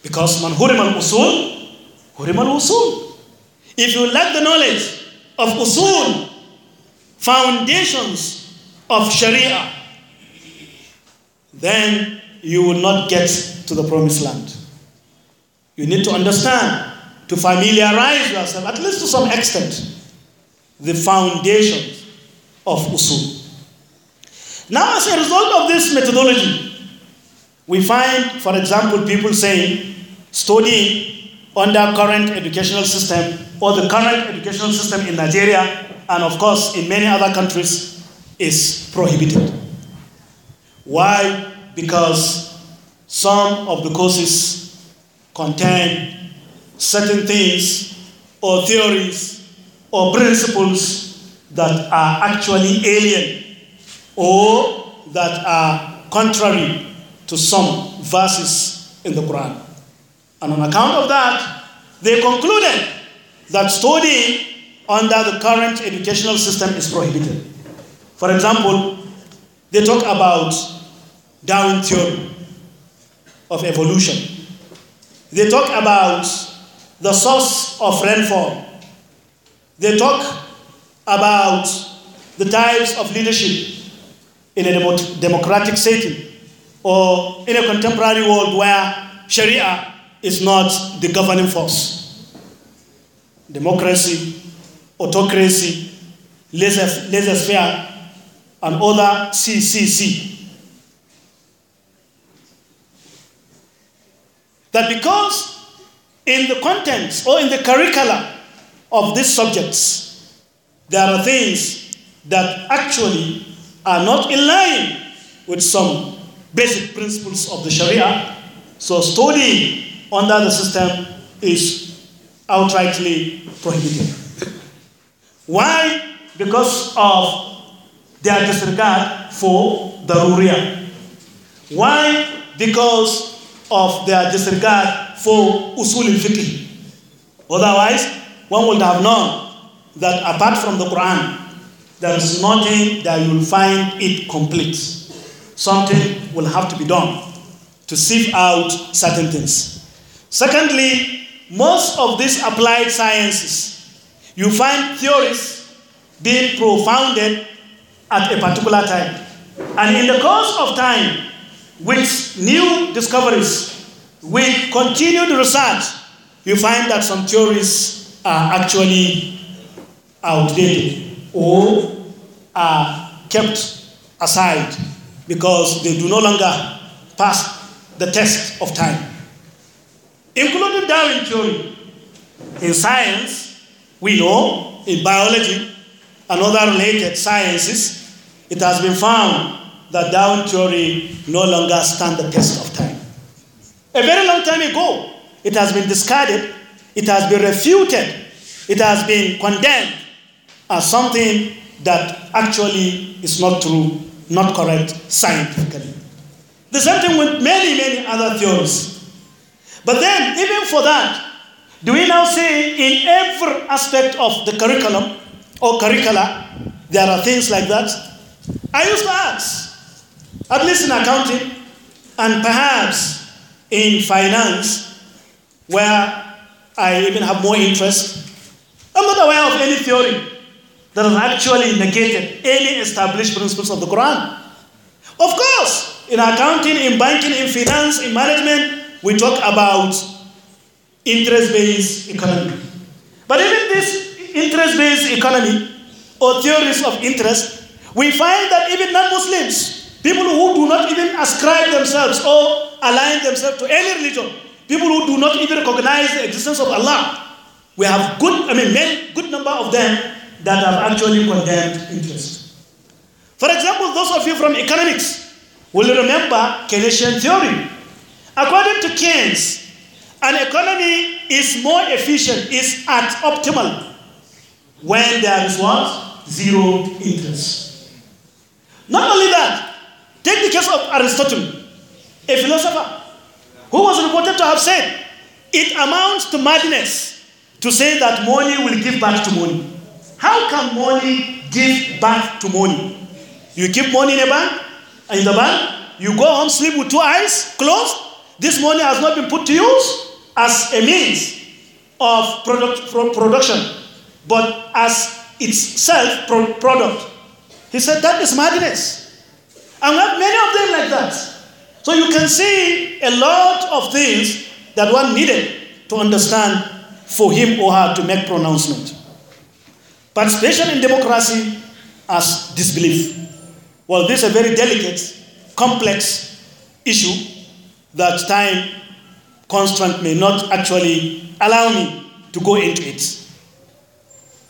Because man hurim al usul, hurim al usul. If you lack the knowledge of usul, foundations of Sharia, then you will not get to the promised land. You need to understand, to familiarize yourself, at least to some extent, the foundations of usul. Now, as a result of this methodology, we find, for example, people saying studying under current educational system or the current educational system in Nigeria and, of course, in many other countries is prohibited. Why? because some of the courses contain certain things or theories or principles that are actually alien or that are contrary to some verses in the Quran. And on account of that, they concluded that studying under the current educational system is prohibited. For example, they talk about Darwin theory of evolution. They talk about the source of rainfall. They talk about the types of leadership in a democratic setting or in a contemporary world where Sharia is not the governing force. Democracy, autocracy, laissez faire, and other CCC That because in the contents or in the curricula of these subjects, there are things that actually are not in line with some basic principles of the Sharia. So studying under the system is outrightly prohibited. Why? Because of their disregard for the ruria. Why? Because of their disregard for usul al-fiqh. Otherwise, one would have known that apart from the Quran, there is nothing that you will find it complete. Something will have to be done to sieve out certain things. Secondly, most of these applied sciences, you find theories being propounded at a particular time. And in the course of time, with new discoveries, with continued research, you find that some theories are actually outdated or are kept aside because they do no longer pass the test of time. Including Darwin theory. In science, we know, in biology and other related sciences, it has been found the down theory no longer stand the test of time. A very long time ago, it has been discarded, it has been refuted, it has been condemned as something that actually is not true, not correct scientifically. The same thing with many, many other theories. But then, even for that, do we now say in every aspect of the curriculum or curricula, there are things like that? I used to ask, at least in accounting and perhaps in finance, where I even have more interest. I'm not aware of any theory that has actually negated any established principles of the Quran. Of course, in accounting, in banking, in finance, in management, we talk about interest based economy. But even this interest based economy or theories of interest, we find that even non Muslims People who do not even ascribe themselves or align themselves to any religion. People who do not even recognize the existence of Allah. We have good, I mean, many, good number of them that have actually condemned interest. For example, those of you from economics will remember Keynesian theory. According to Keynes, an economy is more efficient, is at optimal when there is what? Zero interest. Not only that, Take the case of Aristotle, a philosopher, who was reported to have said, It amounts to madness to say that money will give back to money. How can money give back to money? You keep money in a bank, and in the bank, you go home, sleep with two eyes closed. This money has not been put to use as a means of product, production, but as itself product. He said that is madness. And we have many of them like that. So you can see a lot of things that one needed to understand for him or her to make pronouncement. Participation in democracy as disbelief. Well, this is a very delicate, complex issue that time constraint may not actually allow me to go into it.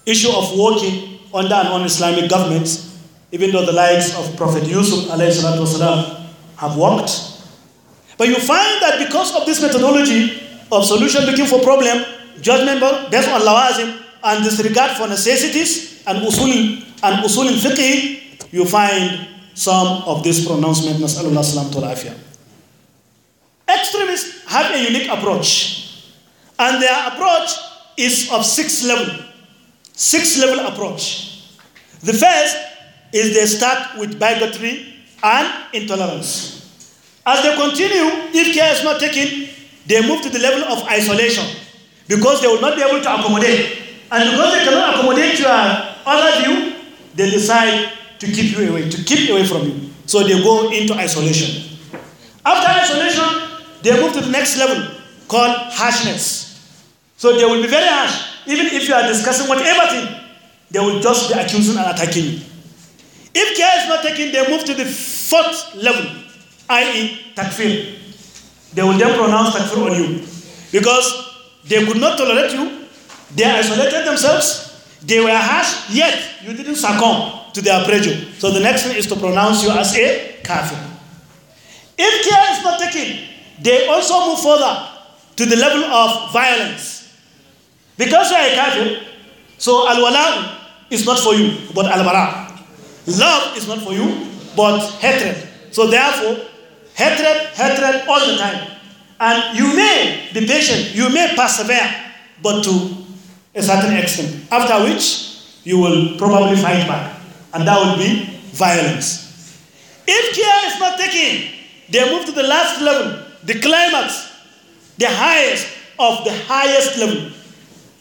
Issue of working under an un-Islamic government even though the likes of Prophet Yusuf والسلام, have worked. But you find that because of this methodology of solution looking for problem, judgment based on lawazim, and disregard for necessities and usul and usul fiqh, you find some of this pronouncement. Extremists have a unique approach, and their approach is of six level, six level approach. The first is they start with bigotry and intolerance. As they continue, if care is not taken, they move to the level of isolation because they will not be able to accommodate. And because they cannot accommodate your other view, they decide to keep you away, to keep away from you. So they go into isolation. After isolation, they move to the next level called harshness. So they will be very harsh. Even if you are discussing whatever thing, they will just be accusing and attacking you. If care is not taken, they move to the fourth level, i.e., takfir. They will then pronounce takfir on you because they could not tolerate you, they isolated themselves, they were harsh, yet you didn't succumb to their prejudice. So the next thing is to pronounce you as a kafir. If care is not taken, they also move further to the level of violence. Because you are a kafir, so al-wala is not for you, but al-bara. Love is not for you, but hatred. So therefore, hatred, hatred all the time. And you may be patient, you may persevere, but to a certain extent. After which, you will probably fight back. And that will be violence. If care is not taken, they move to the last level, the climax, the highest of the highest level.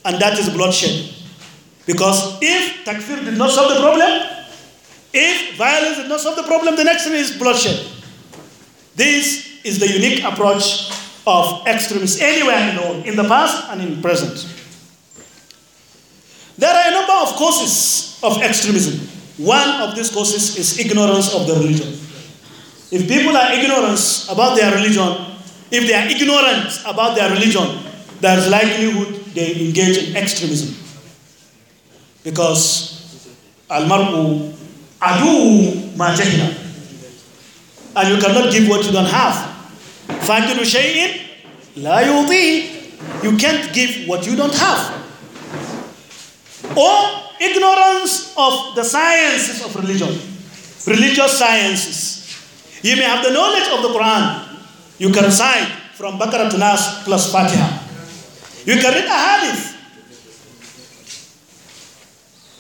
And that is bloodshed. Because if takfir did not solve the problem, if violence does not solve the problem, the next thing is bloodshed. This is the unique approach of extremists anywhere in the world, in the past and in the present. There are a number of causes of extremism. One of these causes is ignorance of the religion. If people are ignorant about their religion, if they are ignorant about their religion, there is likelihood they engage in extremism. Because al-mar'u Adu And you cannot give what you don't have. فَاكِلُ Shayin la يُعْطِيهِ You can't give what you don't have. Or oh, ignorance of the sciences of religion. Religious sciences. You may have the knowledge of the Quran. You can recite from Baqarah to Nas plus Fatiha. You can read a hadith.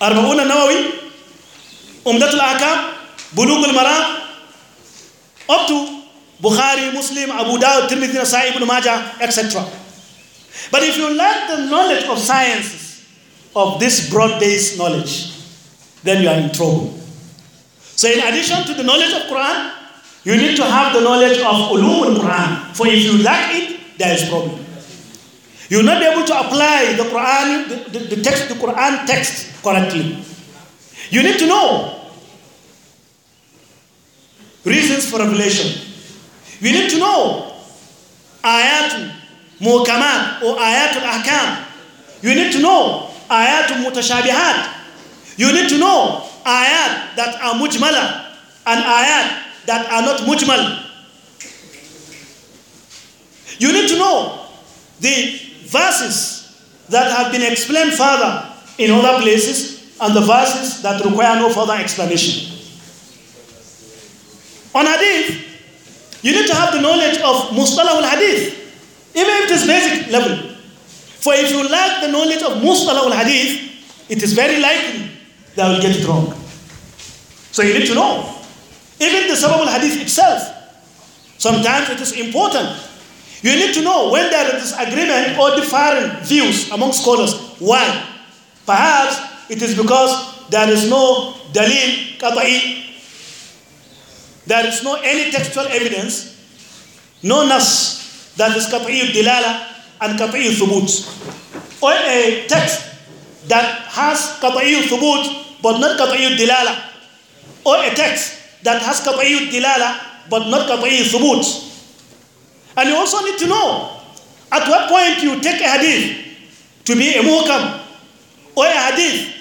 أربعون نووي Umdatul Ahkam, Bulughul Maram, up to Bukhari, Muslim, Abu Dawud, Tirmidhi, Nasai, Ibn Majah, etc. But if you lack the knowledge of sciences, of this broad-based knowledge, then you are in trouble. So in addition to the knowledge of Quran, you need to have the knowledge of ulumul quran For if you lack it, there is problem. You'll not be able to apply the Quran, the, the, the text, the Quran text correctly. You need to know reasons for revelation. We need to know ayatul muhkamat or ayatul ahkam. You need to know ayat mutashabihat. You need to know ayat that are mujmala and ayat that are not mujmal. You need to know the verses that have been explained further in other places and the verses that require no further explanation. On hadith, you need to have the knowledge of mustalah al hadith, even if it is basic level. For if you lack the knowledge of mustalah al hadith, it is very likely that you will get it wrong. So you need to know. Even the sabab al hadith itself, sometimes it is important. You need to know when there is disagreement or different views among scholars. Why? Perhaps it is because there is no dalil qat'i. There is no any textual evidence, no nas that is qat'i dilala and qat'i thubut. Or a text that has qat'i thubut but not qat'i dilala. Or a text that has qat'i dilala but not qat'i thubut. And you also need to know at what point you take a hadith to be a muhkam or a hadith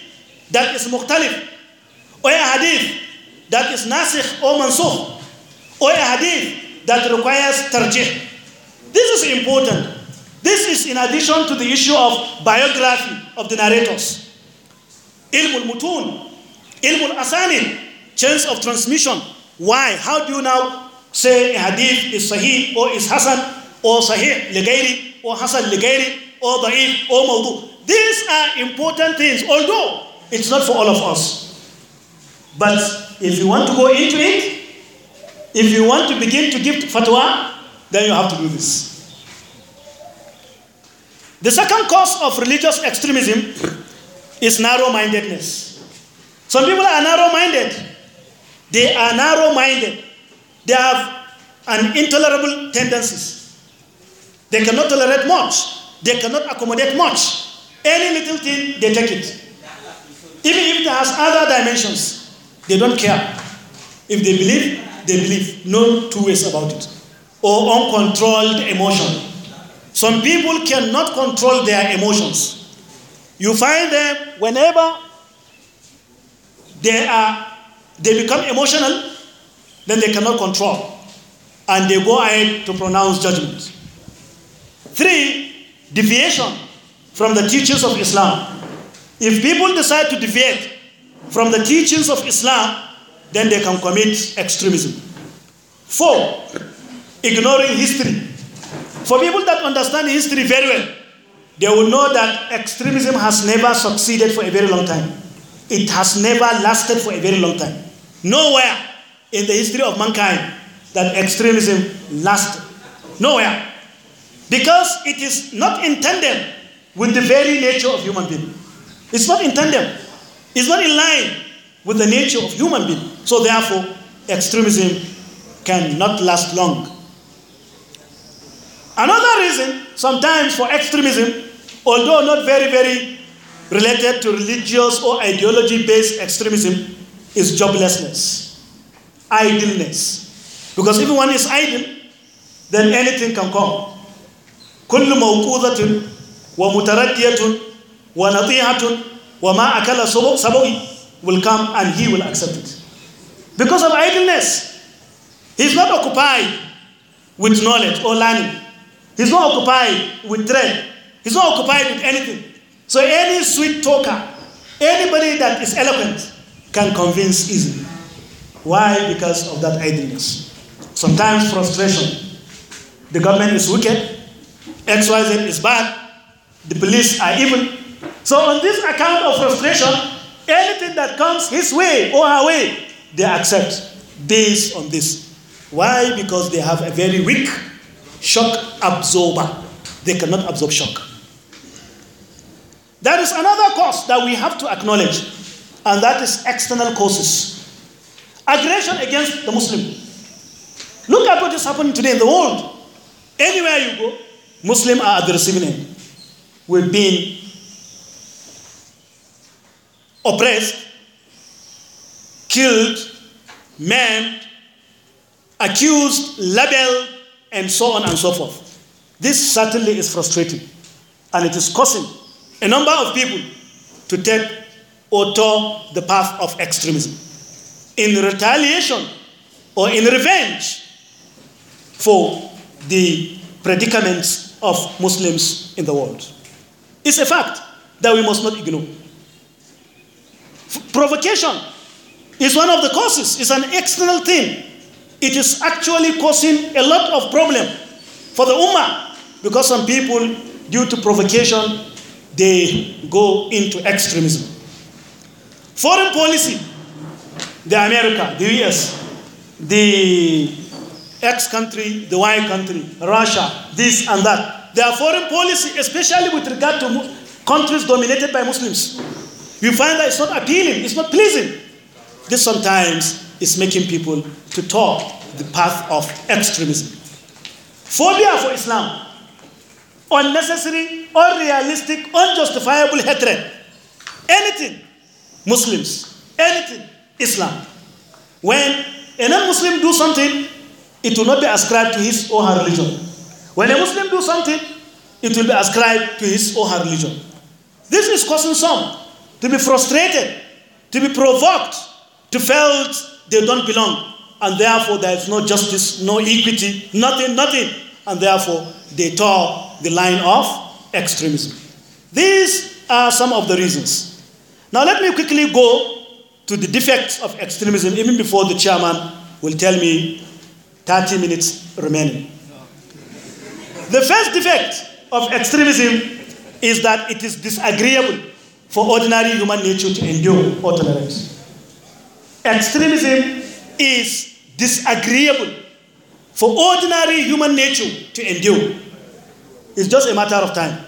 that is muqtalif, or a hadith that is nasikh or mansukh, or a hadith that requires tarjih. This is important. This is in addition to the issue of biography of the narrators. Ilm al-mutun, ilm al-asanin, chance of transmission. Why? How do you now say a hadith is sahih or is hasan or sahih ligayri or hasan ligayri or da'if or mawdu? These are important things. Although it's not for all of us. But if you want to go into it, if you want to begin to give fatwa, then you have to do this. The second cause of religious extremism is narrow mindedness. Some people are narrow minded. They are narrow minded. They have an intolerable tendencies. They cannot tolerate much. They cannot accommodate much. Any little thing, they take it. Even if there has other dimensions, they don't care. If they believe, they believe. No two ways about it. Or uncontrolled emotion. Some people cannot control their emotions. You find them whenever they are they become emotional, then they cannot control. And they go ahead to pronounce judgment. Three, deviation from the teachings of Islam. If people decide to deviate from the teachings of Islam, then they can commit extremism. Four, ignoring history. For people that understand history very well, they will know that extremism has never succeeded for a very long time. It has never lasted for a very long time. Nowhere in the history of mankind that extremism lasted. Nowhere. Because it is not intended with the very nature of human being. It's not in tandem. It's not in line with the nature of human being. So therefore, extremism cannot last long. Another reason, sometimes for extremism, although not very, very related to religious or ideology based extremism, is joblessness, idleness. Because if one is idle, then anything can come. كل موقوذة وَنَطِيعَةٌ وَمَا أَكَلَ سَبَوِي will come and he will accept it. Because of idleness. He's not occupied with knowledge or learning. He's not occupied with trade. He's not occupied with anything. So any sweet talker, anybody that is eloquent, can convince easily. Why? Because of that idleness. Sometimes frustration. The government is wicked. XYZ is bad. The police are evil. So, on this account of frustration, anything that comes his way or her way, they accept based on this. Why? Because they have a very weak shock absorber. They cannot absorb shock. There is another cause that we have to acknowledge, and that is external causes. Aggression against the Muslim. Look at what is happening today in the world. Anywhere you go, Muslims are at the receiving end. we are being oppressed, killed, maimed, accused, labeled, and so on and so forth. This certainly is frustrating and it is causing a number of people to take or tow the path of extremism in retaliation or in revenge for the predicaments of Muslims in the world. It's a fact that we must not ignore provocation is one of the causes, it's an external thing. It is actually causing a lot of problem for the ummah because some people, due to provocation, they go into extremism. Foreign policy, the America, the US, the X country, the Y country, Russia, this and that. Their foreign policy, especially with regard to countries dominated by Muslims, you find that it's not appealing, it's not pleasing. This sometimes is making people to talk the path of extremism. Phobia for Islam, unnecessary, unrealistic, unjustifiable hatred. Anything, Muslims, anything, Islam. When a non-Muslim do something, it will not be ascribed to his or her religion. When a Muslim do something, it will be ascribed to his or her religion. This is causing some to be frustrated, to be provoked, to feel they don't belong. And therefore, there is no justice, no equity, nothing, nothing. And therefore, they tore the line of extremism. These are some of the reasons. Now, let me quickly go to the defects of extremism, even before the chairman will tell me 30 minutes remaining. The first defect of extremism is that it is disagreeable for ordinary human nature to endure or tolerate. Extremism is disagreeable for ordinary human nature to endure. It's just a matter of time.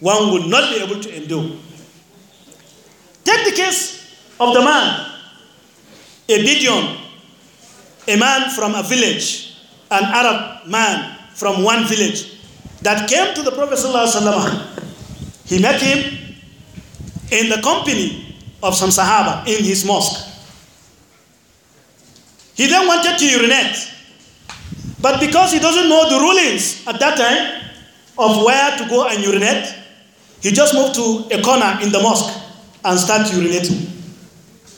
One will not be able to endure. Take the case of the man, a Bidion, a man from a village, an Arab man from one village, that came to the Prophet. ﷺ. He met him in the company of some Sahaba in his mosque. He then wanted to urinate. But because he doesn't know the rulings at that time of where to go and urinate, he just moved to a corner in the mosque and started urinating.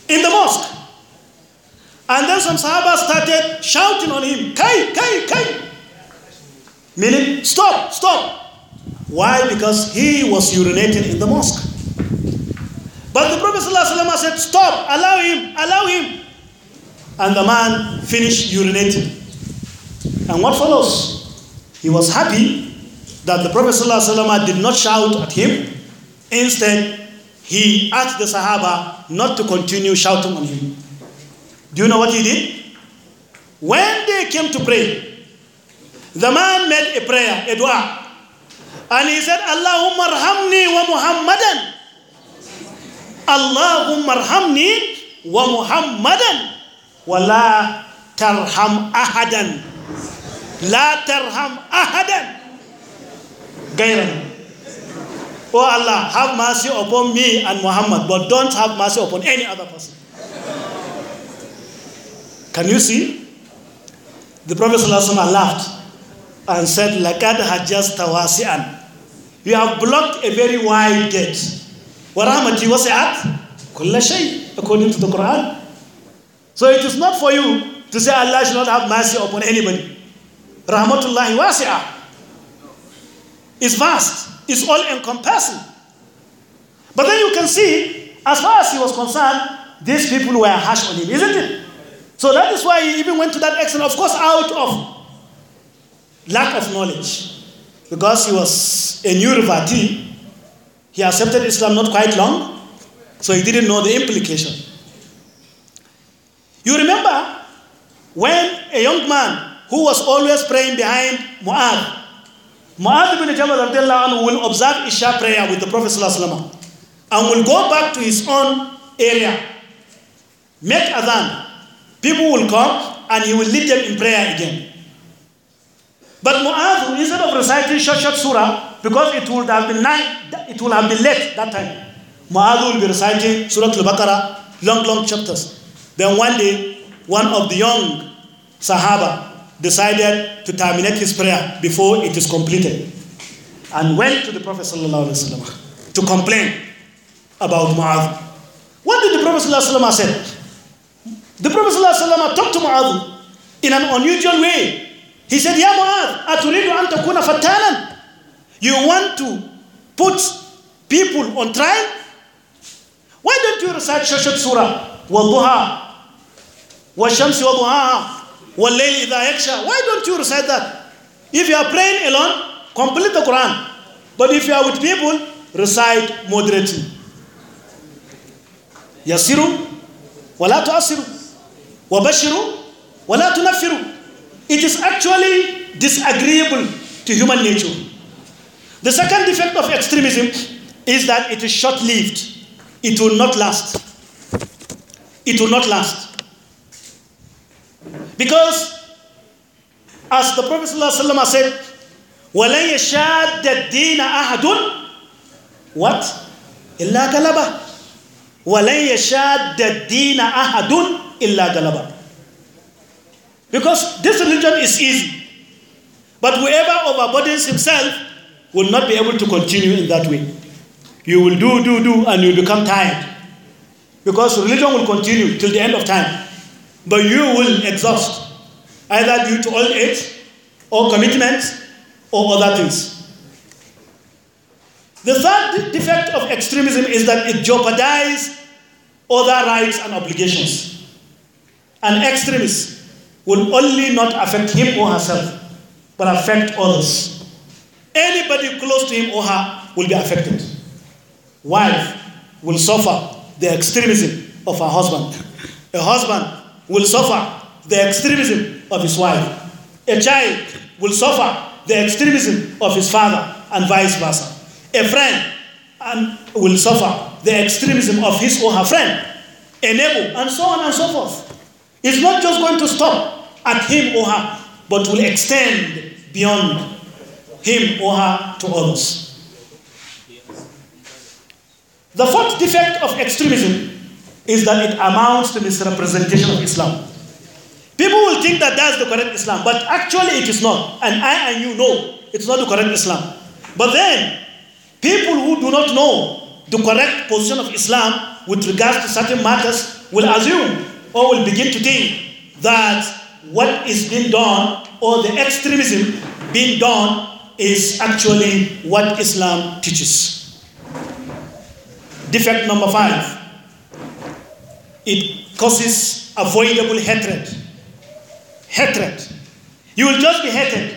In the mosque. And then some Sahaba started shouting on him, Kai, Kai, Kai. Meaning, stop, stop. Why? Because he was urinating in the mosque. But the Prophet ﷺ said, Stop, allow him, allow him. And the man finished urinating. And what follows? He was happy that the Prophet ﷺ did not shout at him. Instead, he asked the Sahaba not to continue shouting on him. Do you know what he did? When they came to pray, the man made a prayer, a dua. And he said, Allahumma arhamni wa Muhammadan Allahumma arhamni wa Muhammadan wa la tarham ahadan la tarham ahadan gairan Oh Allah, have mercy upon me and Muhammad, but don't have mercy upon any other person. Can you see? The Prophet ﷺ laughed and said, Lakad hajjaz tawasi'an. You have blocked a very wide gate. ورحمتي وسعت كل شيء according to the Quran. So it is not for you to say Allah should not have mercy upon anybody. Rahmatullahi wasi'a. It's vast, it's all encompassing. But then you can see, as far as he was concerned, these people were harsh on him, isn't it? So that is why he even went to that extent, of course, out of lack of knowledge. Because he was a new revertee, he accepted Islam not quite long, so he didn't know the implication. You remember when a young man who was always praying behind Mu'adh, Mu'adh ibn Jabal anhu will observe Isha prayer with the Prophet and will go back to his own area, make adhan. People will come and he will lead them in prayer again. But Mu'adh, instead of reciting short, surah, because it would have been night, it would have been late that time. Mu'adh will be reciting Surah Al-Baqarah, long, long chapters. Then one day, one of the young Sahaba decided to terminate his prayer before it is completed and went to the Prophet Wasallam to complain about Mu'adh. What did the Prophet ﷺ say? The Prophet ﷺ talked to Mu'adh in an unusual way. He said, Ya Mu'adh, أتريد أن تكون فتانا? You want to put people on trial? Why don't you recite Shashat Surah? Waduha. Washamsi waduha. Wallayli idha yaksha. Why don't you recite that? If you are praying alone, complete the Quran. But if you are with people, recite moderately. Yasiru. Wala tu'asiru. Wabashiru. Wala tunafiru. It is actually disagreeable to human nature. The second defect of extremism is that it is short lived, it will not last. It will not last. Because, as the Prophet ﷺ said, وَلَنْ يَشَادَّ الدِّينَ أَحَدٌ What? إِلَّا غَلَبَهُ وَلَنْ يَشَادَّ الدِّينَ أَحَدٌ إِلَّا Because this religion is easy. But whoever overburdens himself will not be able to continue in that way. You will do, do, do, and you'll become tired. Because religion will continue till the end of time. But you will exhaust, either due to old age, or commitments, or other things. The third defect of extremism is that it jeopardizes other rights and obligations. An extremist will only not affect him or herself, but affect others. Anybody close to him or her will be affected. Wife will suffer the extremism of her husband. A husband will suffer the extremism of his wife. A child will suffer the extremism of his father, and vice versa. A friend and um, will suffer the extremism of his or her friend, a neighbor, and so on and so forth. It's not just going to stop at him or her, but will extend beyond him or her to others. The fourth defect of extremism is that it amounts to misrepresentation of Islam. People will think that that's the correct Islam, but actually it is not. And I and you know it's not the correct Islam. But then, people who do not know the correct position of Islam with regards to certain matters will assume or will begin to think that what is being done or the extremism being done is actually what Islam teaches. Defect number five it causes avoidable hatred. Hatred. You will just be hated.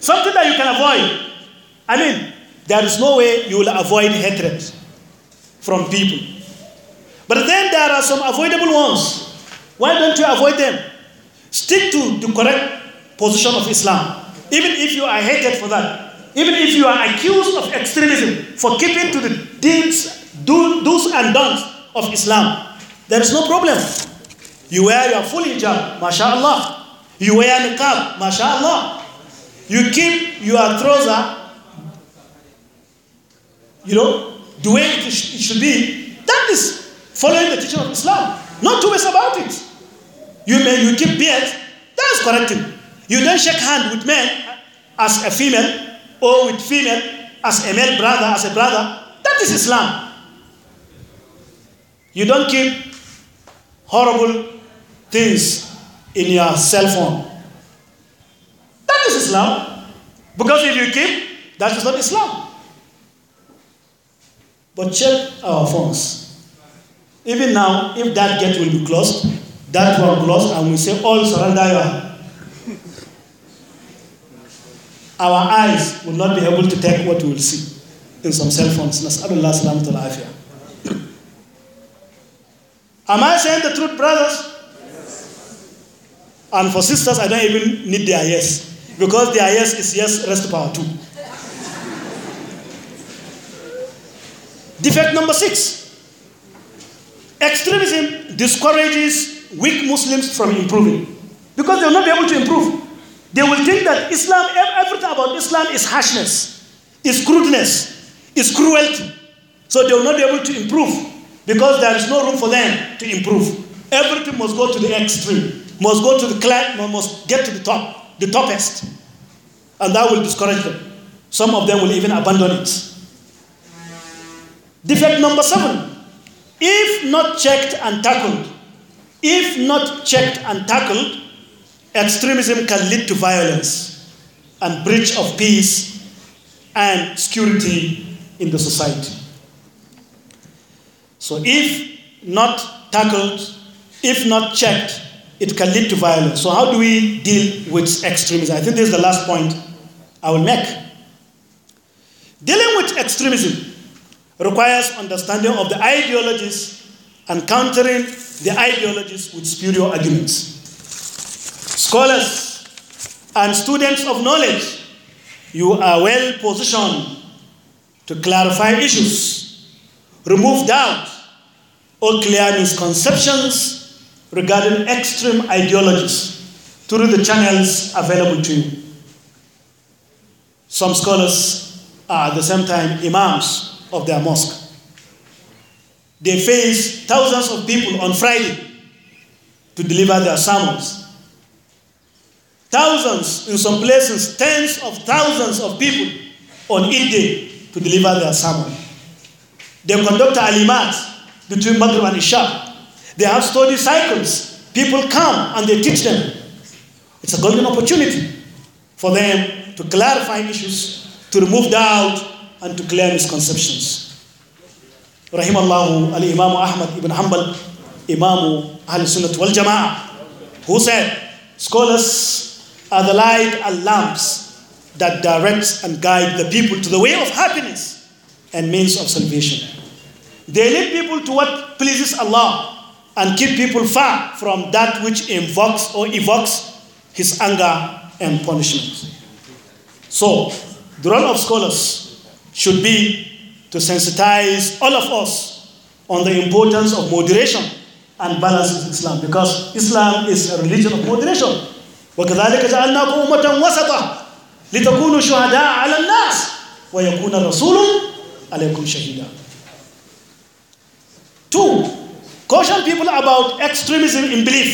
Something that you can avoid. I mean, there is no way you will avoid hatred from people. But then there are some avoidable ones. Why don't you avoid them? Stick to the correct position of Islam even if you are hated for that, even if you are accused of extremism for keeping to the deeds, do, do's and don'ts of Islam, there is no problem. You wear your full hijab, mashallah. You wear niqab, mashallah. You keep your trouser, you know, the way it, sh it should be. That is following the teaching of Islam. Not two ways about it. You may you keep beard, that is correct. You don't shake hand with men as a female or with female as a male brother, as a brother. That is Islam. You don't keep horrible things in your cell phone. That is Islam. Because if you keep, that is not Islam. But check our phones. Even now, if that gate will be closed, that will close, and we say, all surrender your our eyes will not be able to take what we will see in some cell phones. Am I saying the truth, brothers? And for sisters, I don't even need their yes. Because their yes is yes, rest power too. Defect number six extremism discourages weak Muslims from improving because they will not be able to improve. They will think that Islam, everything about Islam is harshness, is crudeness, is cruelty. So they will not be able to improve because there is no room for them to improve. Everything must go to the extreme, must go to the climb, must get to the top, the topest. And that will discourage them. Some of them will even abandon it. Defect number seven if not checked and tackled, if not checked and tackled, Extremism can lead to violence and breach of peace and security in the society. So, if not tackled, if not checked, it can lead to violence. So, how do we deal with extremism? I think this is the last point I will make. Dealing with extremism requires understanding of the ideologies and countering the ideologies with spiritual arguments scholars, and students of knowledge, you are well positioned to clarify issues, remove doubt, or clear misconceptions regarding extreme ideologies through the channels available to you. Some scholars are at the same time imams of their mosque. They face thousands of people on Friday to deliver their sermons Thousands, in some places, tens of thousands of people on each day to deliver their sermon. They conduct alimat between Maghrib and Isha. They have study cycles. People come and they teach them. It's a golden opportunity for them to clarify issues, to remove doubt, and to clear misconceptions. رحم الله الإمام أحمد بن حنبل إمام أهل السنة والجماعة who said scholars are the light and lamps that direct and guide the people to the way of happiness and means of salvation. They lead people to what pleases Allah and keep people far from that which invokes or evokes His anger and punishment. So, the role of scholars should be to sensitize all of us on the importance of moderation and balance in Islam because Islam is a religion of moderation. وكذلك جعلناكم أمة وسطا لتكونوا شهداء على الناس ويكون الرسول عليكم شهيدا Two, caution people about extremism in belief,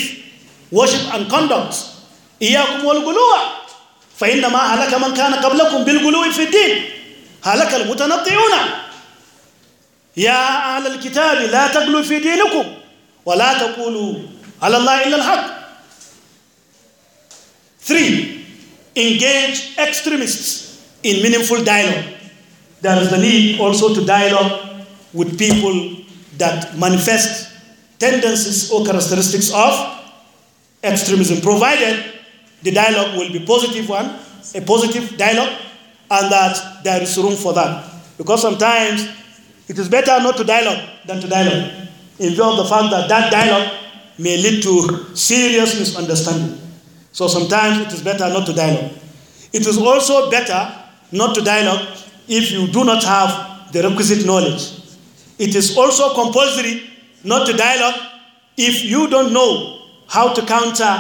worship and conduct. إياكم والغلوة فإنما هلك من كان قبلكم بالغلو في الدين هلك المتنطعون يا أهل الكتاب لا تغلوا في دينكم ولا تقولوا على الله إلا الحق Three, engage extremists in meaningful dialogue. There is the need also to dialogue with people that manifest tendencies or characteristics of extremism, provided the dialogue will be positive one, a positive dialogue, and that there is room for that. Because sometimes it is better not to dialogue than to dialogue, in view of the fact that that dialogue may lead to serious misunderstanding. So sometimes it is better not to dialogue. It is also better not to dialogue if you do not have the requisite knowledge. It is also compulsory not to dialogue if you don't know how to counter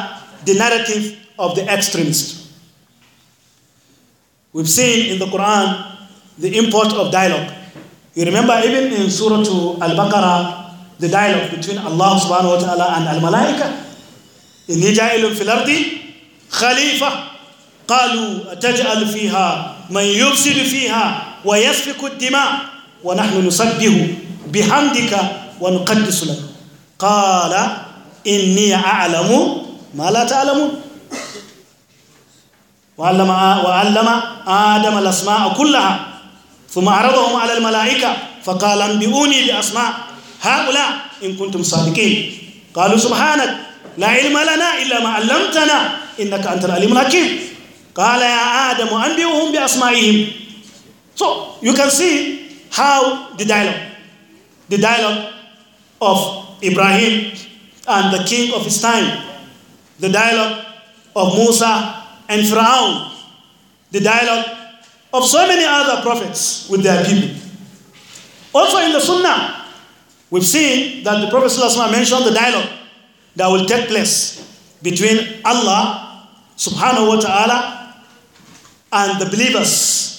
the narrative of the extremist. We've seen in the Quran the import of dialogue. You remember even in Surah Al-Baqarah, the dialogue between Allah subhanahu wa ta'ala and Al-Malaika. in جَائِلٌ فِي الْأَرْضِ خليفة قالوا أتجعل فيها من يفسد فيها ويسفك الدماء ونحن نسبه بحمدك ونقدس لك قال إني أعلم ما لا تعلمون وعلم وعلم آدم الأسماء كلها ثم عرضهم على الملائكة فقال انبئوني بأسماء هؤلاء إن كنتم صادقين قالوا سبحانك لا علم لنا إلا ما علمتنا innaka antal alimul hakim qala ya adam anbi'uhum bi asma'ihim so you can see how the dialogue the dialogue of Ibrahim and the king of his time the dialogue of Musa and Pharaoh the dialogue of so many other prophets with their people also in the sunnah we've seen that the prophet ﷺ mentioned the dialogue that will take place between Allah subhanahu wa ta'ala and the believers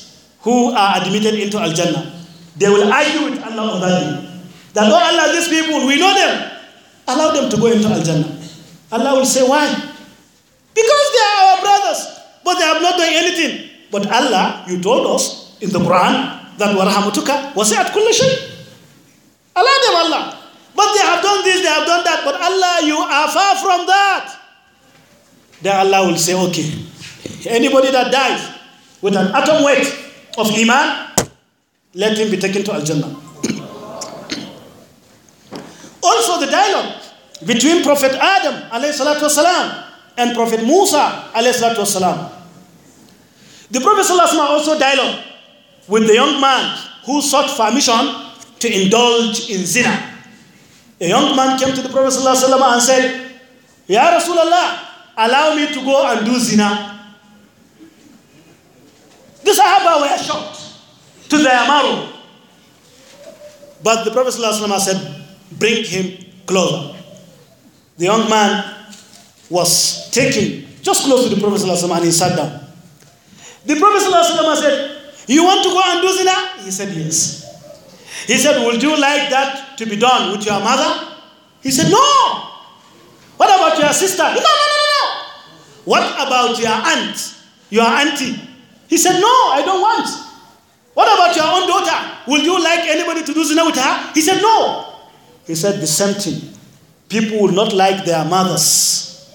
who are admitted into Al Jannah. They will argue with Allah on that That, oh Allah, these people, we know them. Allow them to go into Al Jannah. Allah will say, why? Because they are our brothers, but they have not done anything. But Allah, you told us in the Quran that warahmatuka was kulli shay. Allow them, Allah. But they have done this, they have done that. But Allah, you are far from that. Then Allah will say, okay, anybody that dies with an atom weight of Iman, let him be taken to Al Jannah. also, the dialogue between Prophet Adam والسلام, and Prophet Musa. والسلام. The Prophet والسلام, also dialogued with the young man who sought permission to indulge in zina. A young man came to the Prophet and said, Ya Rasulallah, allow me to go and do zina. The Sahaba were shocked to their marrow. But the Prophet ﷺ said, Bring him closer. The young man was taken just close to the Prophet ﷺ and he sat down. The Prophet ﷺ said, You want to go and do zina? He said, Yes. He said, Would you like that to be done with your mother? He said, No. What about your sister? no, no. no. What about your aunt, your auntie? He said, No, I don't want. What about your own daughter? Would you like anybody to do zina with her? He said, No. He said, The same thing. People would not like their mothers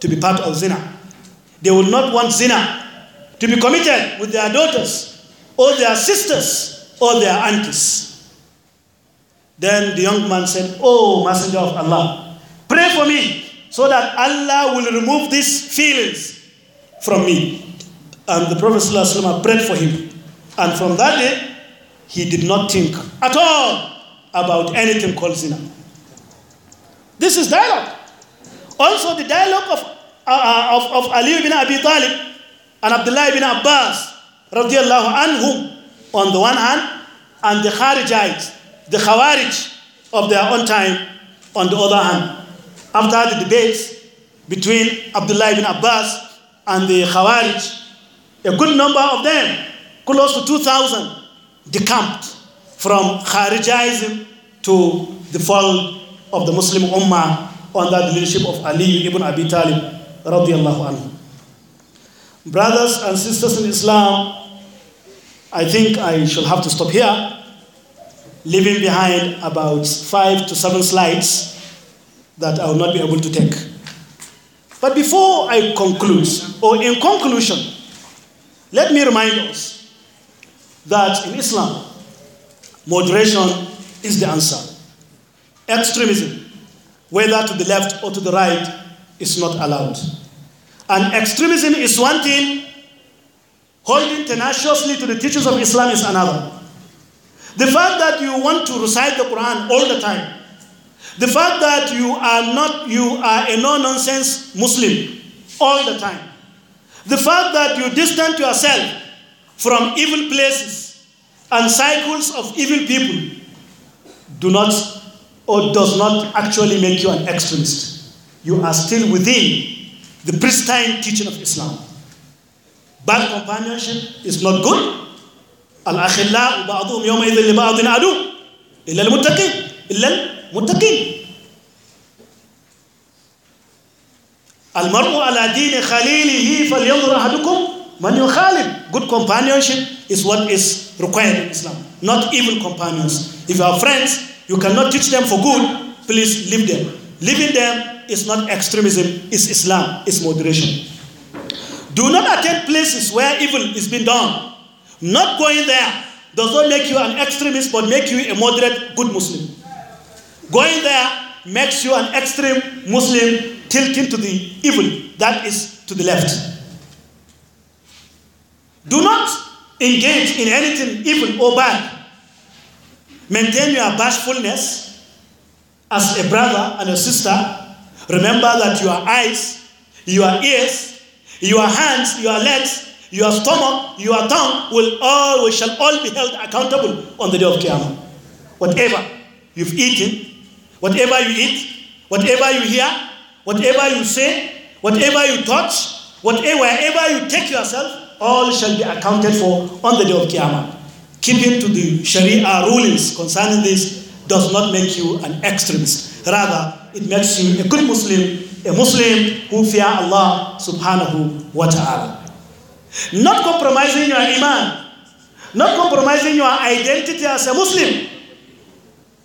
to be part of zina. They would not want zina to be committed with their daughters or their sisters or their aunties. Then the young man said, Oh, Messenger of Allah, pray for me so that Allah will remove these feelings from me. And the Prophet ﷺ prayed for him. And from that day, he did not think at all about anything called zina. This is dialogue. Also, the dialogue of, uh, uh of, of Ali ibn Abi Talib and Abdullah ibn Abbas radiallahu anhum on the one hand, and the Kharijites, the Khawarij of their own time on the other hand after the debates between Abdullah ibn Abbas and the Khawarij, a good number of them, close to 2,000, decamped from Kharijism to the fall of the Muslim Ummah under the leadership of Ali ibn Abi Talib radiallahu anhu. Brothers and sisters in Islam, I think I shall have to stop here, leaving behind about five to seven slides that I will not be able to take. But before I conclude, or in conclusion, let me remind us that in Islam, moderation is the answer. Extremism, whether to the left or to the right, is not allowed. And extremism is one thing, holding tenaciously to the teachings of Islam is another. The fact that you want to recite the Quran all the time the fact that you are not you are a no-nonsense Muslim all the time. The fact that you distance yourself from evil places and cycles of evil people do not or does not actually make you an extremist. You are still within the pristine teaching of Islam. Bad companionship is not good. الأخلاء بعضهم يومئذ لبعض عدو إلا المتقين إلا متقين المرء على دين خليله فلينظر أحدكم من يخالف good companionship is what is required in Islam not evil companions if you are friends you cannot teach them for good please leave them leaving them is not extremism it's Islam it's moderation do not attend places where evil is being done not going there does not make you an extremist but make you a moderate good Muslim Going there makes you an extreme Muslim tilting to the evil that is to the left. Do not engage in anything evil or bad. Maintain your bashfulness as a brother and a sister. Remember that your eyes, your ears, your hands, your legs, your stomach, your tongue will all, we shall all be held accountable on the day of Qiyamah. Whatever you've eaten, Whatever you eat, whatever you hear, whatever you say, whatever you touch, whatever, wherever you take yourself, all shall be accounted for on the day of Qiyamah. Keeping to the Sharia rulings concerning this does not make you an extremist. Rather, it makes you a good Muslim, a Muslim who fear Allah subhanahu wa ta'ala. Not compromising your iman, not compromising your identity as a Muslim,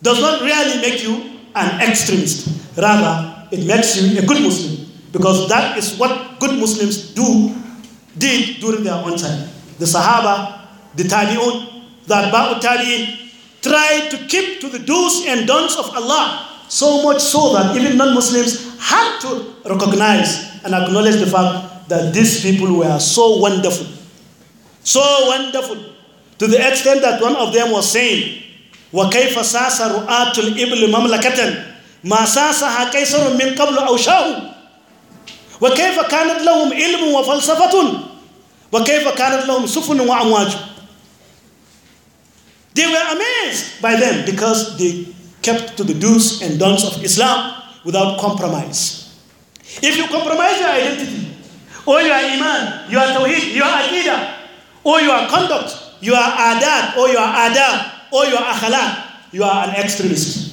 does not really make you an extremist. Rather, it makes you a good Muslim because that is what good Muslims do did during their own time. The Sahaba, the Tabi'un, the Atba'u Tabi'in tried to keep to the do's and don'ts of Allah so much so that even non-Muslims had to recognize and acknowledge the fact that these people were so wonderful. So wonderful. To the extent that one of them was saying, وكيف ساس رؤاة الإبل مملكة ما ساسها قيصر من قبل أوشاه وكيف كانت لهم علم وفلسفة وكيف كانت لهم سفن وأمواج They were amazed by them because they kept to the do's and don'ts of Islam without compromise. If you compromise your identity, or your iman, your tawheed, your aqidah, or your conduct, your adat, or your adab, or your akhlaq, you are an extremist.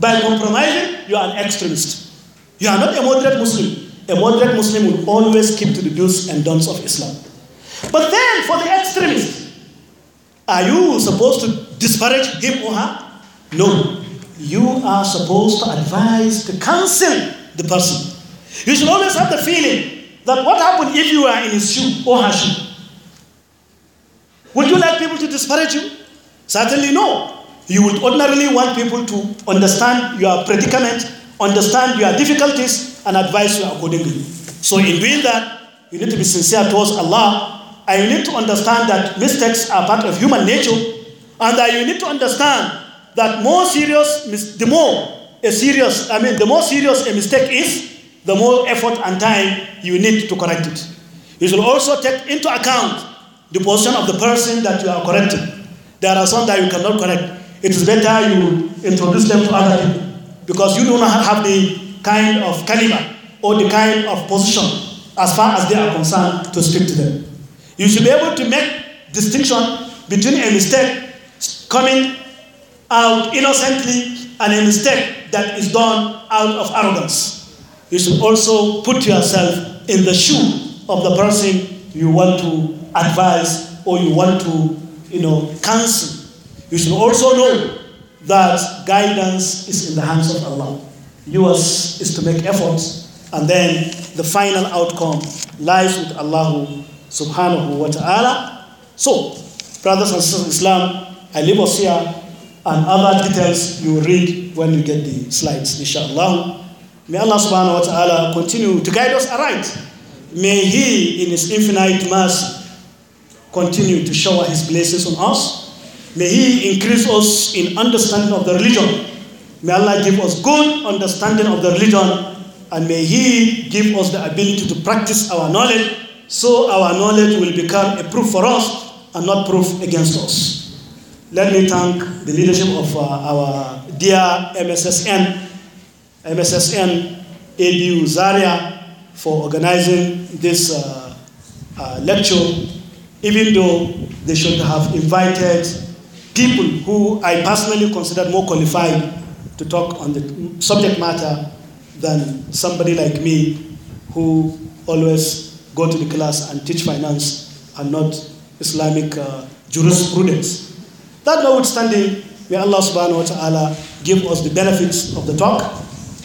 By compromising, you are an extremist. You are not a moderate Muslim. A moderate Muslim will always keep to the do's and don'ts of Islam. But then, for the extremist, are you supposed to disparage him or her? No. You are supposed to advise, to counsel the person. You should always have the feeling that what happened if you were in his shoe or her shoe? Would you like people to disparage you? Certainly, no. You would ordinarily want people to understand your predicament, understand your difficulties, and advise you accordingly. So, in doing that, you need to be sincere towards Allah, and you need to understand that mistakes are part of human nature, and that you need to understand that more serious, the more a serious, I mean, the more serious a mistake is, the more effort and time you need to correct it. You should also take into account the position of the person that you are correcting. There are some that you cannot correct. It is better you introduce them to other people because you do not have the kind of caliber or the kind of position as far as they are concerned to speak to them. You should be able to make distinction between a mistake coming out innocently and a mistake that is done out of arrogance. You should also put yourself in the shoe of the person you want to advise or you want to you know, counsel, you should also know that guidance is in the hands of Allah. Yours is to make efforts, and then the final outcome lies with Allah subhanahu wa ta'ala. So, brothers and sisters in Islam, I leave us here, and other details you will read when you get the slides, inshallah. May Allah subhanahu wa ta'ala continue to guide us aright. May He, in His infinite mercy, continue to shower His blessings on us. May He increase us in understanding of the religion. May Allah give us good understanding of the religion and may He give us the ability to practice our knowledge so our knowledge will become a proof for us and not proof against us. Let me thank the leadership of uh, our dear MSSN, MSSN ABU Zaria for organizing this uh, uh, lecture even though they should have invited people who I personally considered more qualified to talk on the subject matter than somebody like me who always go to the class and teach finance and not Islamic uh, jurisprudence. That notwithstanding, may Allah subhanahu wa ta'ala give us the benefits of the talk.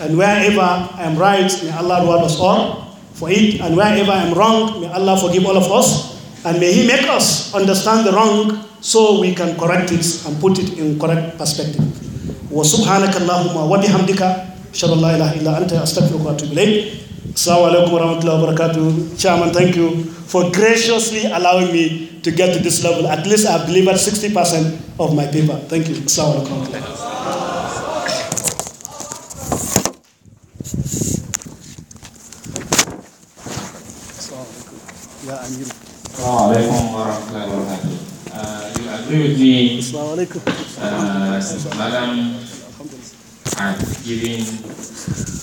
And wherever I am right, may Allah reward us all for it. And wherever I am wrong, may Allah forgive all of us. And may He make us understand the wrong so we can correct it and put it in correct perspective. وسبحانك اللهم وبحمدك أشهد أن لا إله إلا أنت أستغفرك وأتوب إليك Assalamu alaikum wa rahmatullahi Chairman, thank you for graciously allowing me to get to this level. At least I've delivered 60% of my paper. Thank you. Assalamu alaikum Yeah, I'm you alaikum oh, uh, agree with me, uh, Madam,